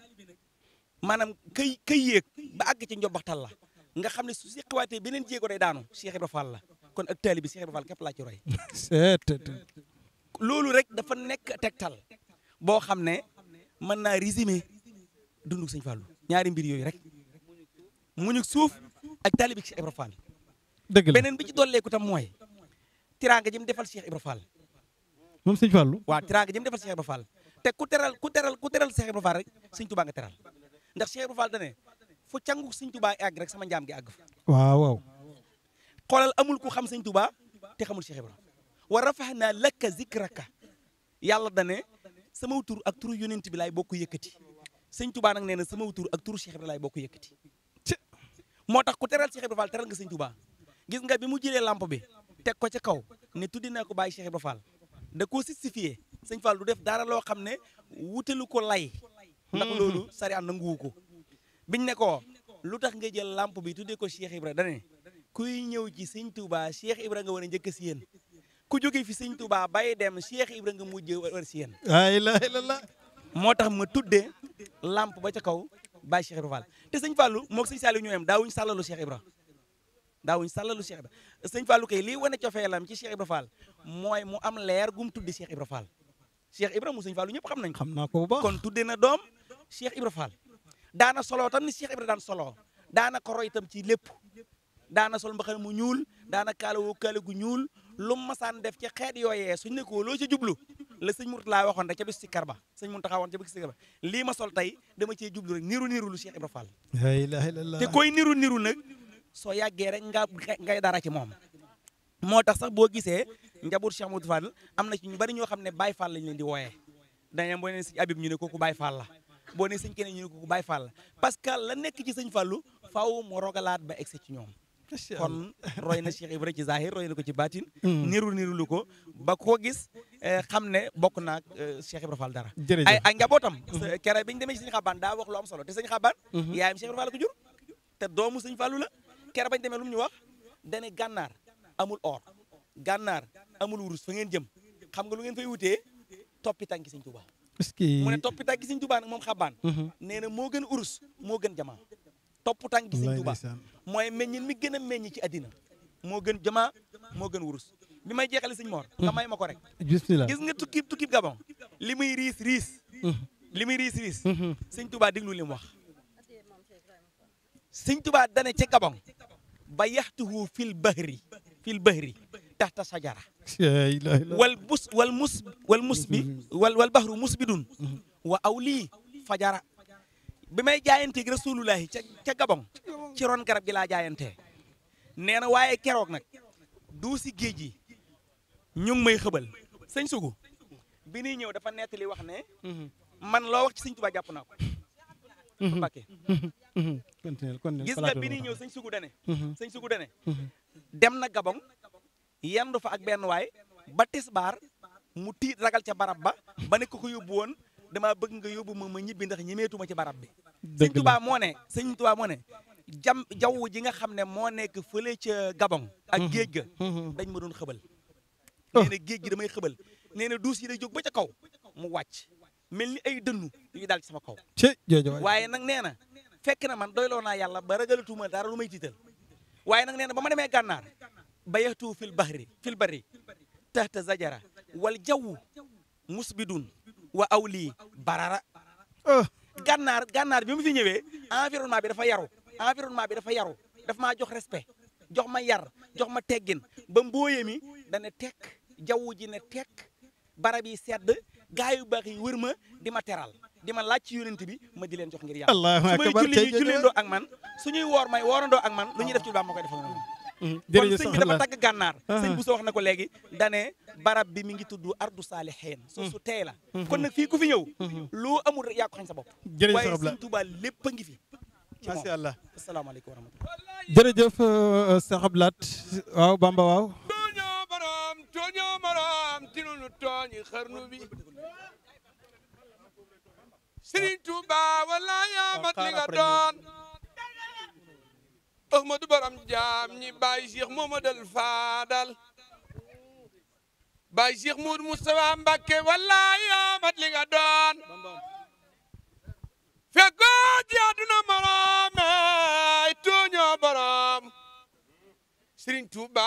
[SPEAKER 3] maanaam kay kay yéeg ba àgg ci njobaxtal la nga xam ne su si xawaatee beneen jéego day daanu Cheikh Ibra Fall la kon ak taalibe bi Cheikh Ibra Fall képp laa ci roy. loolu rek dafa nekk tegtal boo xam ne mën naa résumer dundug Sëñ Fallu ñaari mbir yooyu rek muñu suuf ak taalibe bi Cheikh Ibra beneen bi ci dolleeku tam mooy tiraanga jëm defal Cheikh Ibra Fall. moom Sëñ Fallu waa tiraanga jëm defal Cheikh Ibra Fall te ku teral ku teral ku teral Cheikh Ibra Fall rek Sëñ Tuubaa nga teral ndax Cheikh Ibra Fall da fu cangu Sëñ Tuubaa àgg rek sama njaam gi àgg
[SPEAKER 2] fa
[SPEAKER 3] xoolal amul ku xam sëñ Tuubaa te xamul Cheikh Ibrahima wa rafaxnaa laka zikraka yàlla dane sama tur ak turu yonent bi laay bokk yëkkati sëñ Tuubaa nag nee na sama tur ak turu Cheikh Ibrahima laay bokk yëkkati moo tax ku teral Cheikh Ibrahima Fall teral nga sëñ Tuubaa gis nga bi mu jëlee lamp bi teg ko ca kaw ne tuddi na ko bàyyi Cheikh Ibrahima Fall da koo justifié sëñ Fall du def dara loo xam ne wutalu ko lay ndax loolu sariya nanguwu ko biñ ne ko lu tax nga jël lamp bi tuddee ko Cheikh Ibrahima dane kuy ñëw ci sëñ Touba Cheikh Ibra nga war a njëkk si yéen ku jóge fi sëñ ba bay dem Cheikh Ibra nga mujj war si yéen. la ilaha illallah. moo tax ma tuddee lamp ba ca kaw Baye Cheikh Ibra Fall te sëñ Fallou moog sëñ Saliou ñooyam daawuñu sàllalu Cheikh Ibra daawuñu sàllalu Cheikh Ibra sëñ Fallou kay lii wane cofeelam ci Cheikh Ibra Fall mooy mu am leer gum tudde Cheikh Ibra Fall Cheikh Ibra mu sëñ Fallou ñëpp xam nañ xam naa ko bu baax kon tuddee na doom Cheikh Ibra daa daana solo tam ni Cheikh Ibra daana sol mbaxana mu ñuul daana kaalawoo kaala gu ñuul lu masaan def ci xeet yooyee suñ ne ko loo ci jublu la sëñ Mourtala waxoon rek ca ci si karba sëñ Mountakha waxoon ca bis si lii ma sol tey dama cee jublu rek niru niru lu Cheikh Ibra Fall
[SPEAKER 2] la ilaha te
[SPEAKER 3] koy niru niru nag soo yàggee rek nga ngay dara ci moom moo tax sax boo gisee njaboot Cheikh Modou Fall am na ci ñu bari ñoo xam ne Baye Fall lañ leen di wooyee dañam boo ne sëñ Abib ñu ne kooku Baye Fall la boo ne sëñ keneen ñu ne kooku Baye Fall la parce que la nekk ci sëñ Fallu faaw mu rogalaat ba egsi ci ñoom kon roy na Cheikh Ibra ci zahir roy na ko ci baatin mm. niru niru lu ko ba koo gis eh, xam ne bokk naa eh, Cheikh Ibra Fall dara ay ay njabootam mm-hmm. kere bi ñu demee ci sëñ xabaan daa wax lu am solo te sëñ xabaan mm-hmm. yaayam Cheikh Ibra doomu sëñ Fallu la kere bañ demee lu ñu wax dane gànnaar amul or gànnaar amul wurus fa ngeen jëm xam nga lu ngeen fay wutee toppi tànki sëñ Tuubaa mu ne toppi tànki sëñ Tuubaa nag moom xabaan mm-hmm. nee na moo gën urus moo gën jamaa topp tànk gi sëñ Tuuba mooy meññin mi gën a meññ ci àddina moo gën jamaa moo gën wurus bi may jeexale sëñ Mor nga may ma ko rek bismillah gis nga tukkiib tukkiib Gabon li muy riis riis mm-hmm. li muy riis riis mm-hmm. sëñ Tuuba li mu wax sëñ Tuuba dane ca Gabon ba yaxtuhu fil bahri fil bahri taxta sajara wal bus wal mus wal mus bi mm-hmm. wal wal bahru musbidun wa awlii fajara bi may jaayanteeg rasulullahi ca ca Gabon ci ron garab gi laa jaayantee nee na waaye keroog nag duusi géej yi ñu may xëbal sëñ sugu bi ñuy ñëw dafa nett li wax ne man loo wax ci sëñ Tuubaa jàpp naa ko mhm.
[SPEAKER 2] gis nga bi ni ñëw sëñ sugu dane mhm. sëñ sugu dane mhm.
[SPEAKER 3] dem na Gabon yendu fa ak benn waay ba tisbaar mu tiit ragal ca barab ba ba nekk ko ko yóbbu woon damaa bëgg nga yóbbu ma ma ñibbi ndax ñemeetuma ci barab bi sëñ tubaa moo ne sëñ tubaa moo jam jaww ji nga xam ne moo nekk fële ca Gabon ak mhm. géej ga mhm. dañ ma doon xëbal ah. nee na géej gi damay xëbal nee na duus yi day jóg ba ca kaw mu wàcc mel ni ay dënnu yu daal ci sama kaw waaye nag nee na fekk na man doyloo naa yàlla ba ragalatuma dara lu may tiital waaye nag nee na ba ma demee gànnaar bayaxtu fil bahri fil bari tahta zajara wal jaww musbidun wa awli barara ah. gànnaar gànnaar bi mu fi ñëwee environnement bi dafa yaru environnement bi dafa yaru daf maa jox respect jox ma yar jox ma teggin ba mbooye mi dana tekk jaww ji ne tekk barab yi sedd gaa yu baax yi wër ma di ma teral di ma laaj ci yonent bi ma di leen jox ngir yàlla su may julli ñu julleendoo ak man suñuy woor may woorandoo ak man lu ñuy def ci lu baax ma koy defal Mhm. jërëjëf kon ah. wax na ko léegi dane barab bi mi ngi tudd ardu saalihiin so mhm. su tey la mhm. kon fii ku fi ñëw loo sa bopp waaye sëñ Tuubaa lépp a ngi fi macha
[SPEAKER 2] euh, euh, waaw Bamba waaw
[SPEAKER 1] tooñoo borom tooñoo borom tinunu tooñi xarnu bi Sëriñ Tuubaa wala yaa oh, mat doon Ahmadu Baram jaam ñi Baye Cheikh Momadal Faadal Baye Cheikh Mour Moustapha Mbakke wallaay yaa mat li doon fekkoo ci àdduna moroom ay tooñoo borom Serigne Touba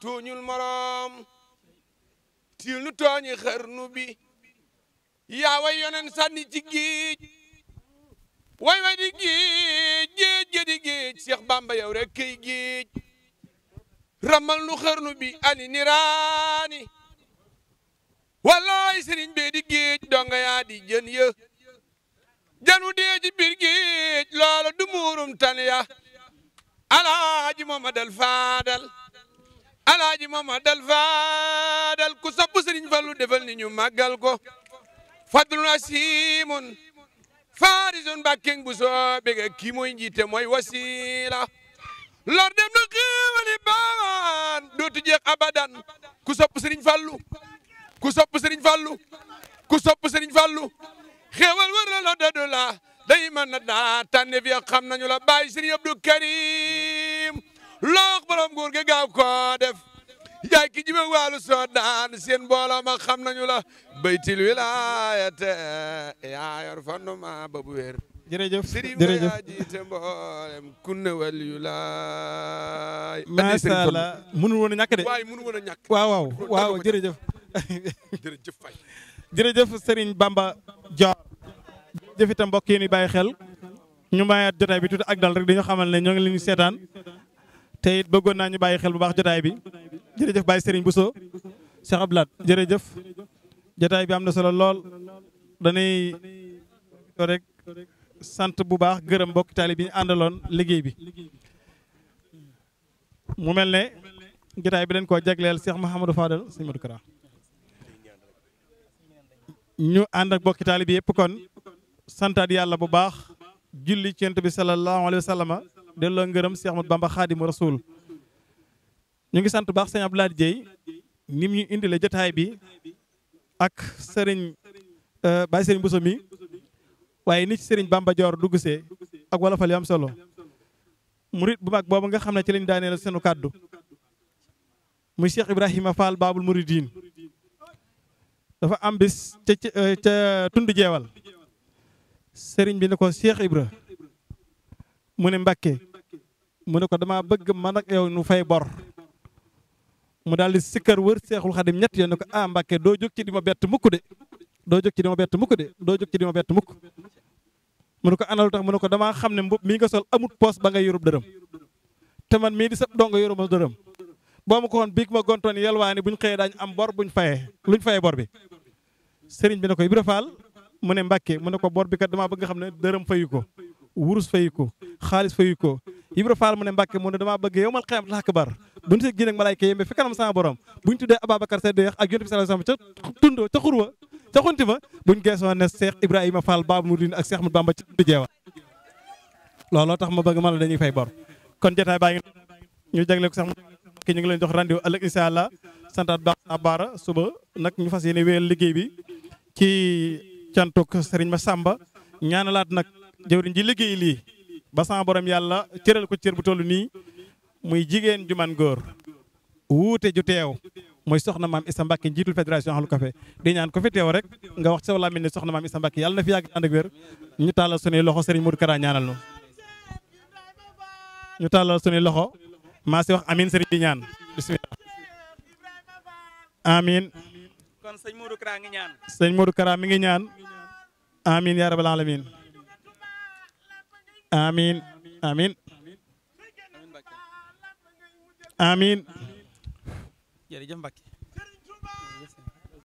[SPEAKER 1] tooñul morom tiil nu tooñi xarnu bi yaa way yonen sànni ci géej way way di géej géej géej di géej Cheikh Bamba yow rek kay géej ramal nu xërnu bi ani niraani wallaay sëriñ bee di géej donga yaa di jën janu dee ci biir géej loola du ya alaaji mamadal faadal alaaji mamadal faadal ku sopp sëriñ Fallu defal ni ñu màggal ko fadluna siimun faarisun bakking bu soo bega kii mooy njiite mooy wasila lor dem na xiiwali baan dootu jeex abadan ku sopp Serigne Fallou ku sopp Serigne Fallou ku sopp Serigne Fallou xéewal war la dadu la day mën na daa tànne fi xam nañu la bàyyi Serigne Abdou Karim loox borom nguur gi gaaw ko yaay ki jibe waalu soodaan seen mbooloo ma xam nañu la baytil wilaayate yaa yor fondement ba bu wér. jërëjëf jërëjëf jiite mboolem kunne wal yu laay. macha allah
[SPEAKER 2] mënul woon a ñàkk de. waaye a ñàkk. Bamba Dior. jërëjëf itam mbokk yi xel. ñu mayaat jotaay bi tuuti ak dal rek dañu xamal ne ñoo ngi seetaan. te it bëggoon naa ñu bàyyi xel bu baax jotaay bi jërëjëf sëriñ bu so Cheikh Abdoulaye jërëjëf jotaay bi am na solo lool danay rek sant bu baax gërëm mbokk taalibe bi ñu àndaloon liggéey bi. mu mel ne jotaay bi dañ koo jagleel Cheikh Mouhamadou Fadal sëñ Modou santaat yàlla bu baax julli ci Yonent bi sallallahu alayhi wa sallam delloo ngërëm seex Ahmadou Bamba Xaadimu Rasuul ñu ngi sant baax sëñ Abdoulaye Dieye nim ñu indile jotaay bi ak sëriñ euh, Baye sëriñ Bousso mi waaye nit ci sëriñ Bamba Dior duggsee ak wala fal yu am solo murit bu mag boobu nga xam ne ci lañ daaneel seenu kàddu muy Cheikh Ibrahima Fall Baabul Muridiin dafa am bis ca ca tund jeewal sëriñ bi ne ko Cheikh Ibra mu ne Mbàkke mu ne ko damaa bëgg man ak yow nu fay bor mu daal di sikkar wër seexul xadim ñett yoon ne ko ah Mbàkke doo jóg ci di ma bett mukk de doo jóg ci di ma bett mukk doo jóg ci ma bett mukk mu ne ko ana lu tax mu ne ko damaa xam ne mbubb mii nga sol amut poos ba ngay yorub dërëm te man mii di sab dong ma dërëm boo ma ko xoon biig ma gontoon yelwaani buñ xëyee daañu am bor buñ faye luñ faye bor bi sëriñ bi ne ko Ibra Faal mu ne Mbàkke mu ne ko bor bi kat damaa bëgg nga xam ne dërëm fayu ko wurus fayu ko xaalis fayu ko Ibra Faal mu ne Mbàkke mu ne damaa bëgg yow mal xiyam lakbar bu ñu seeg jën ak malaayka yembe fi kanam sama borom bu ñu tuddee Ababacar Saddeex ak Yonent bi sallallahu alayhi ma bëgg ma la dañuy fay bor kon jotaay baa ngi ñu jagle ko sax ki ñu ngi leen jox rendez-vous ëllëg insha Allah santaat baax abara suba nag ñu fas yéene wéyal liggéey bi ci cantuk Serigne Massamba ñaanalaat nag jëwriñ ji liggéey lii ba sama borom yàlla cëral ko cër bu toll nii muy jigéen ju man góor wuute ju teew mooy soxna maam Issa Mbacke njiitul fédération Ahlou Café di ñaan ko fi teew rek nga wax ci sa làmmiñ ne soxna maam Issa Mbacke yàlla na fi yàgg ànd ak wér ñu tàllal sunuy loxo sëriñ Modou Kara ñaanal nu tàllal sunuy loxo maa si wax amin sëriñ di ñaan bismillah amin kon sëñ Modou Kara mi ngi ñaan amin yaa rabbal alamin amiin amiin amiin
[SPEAKER 3] jërëjëf Mbacke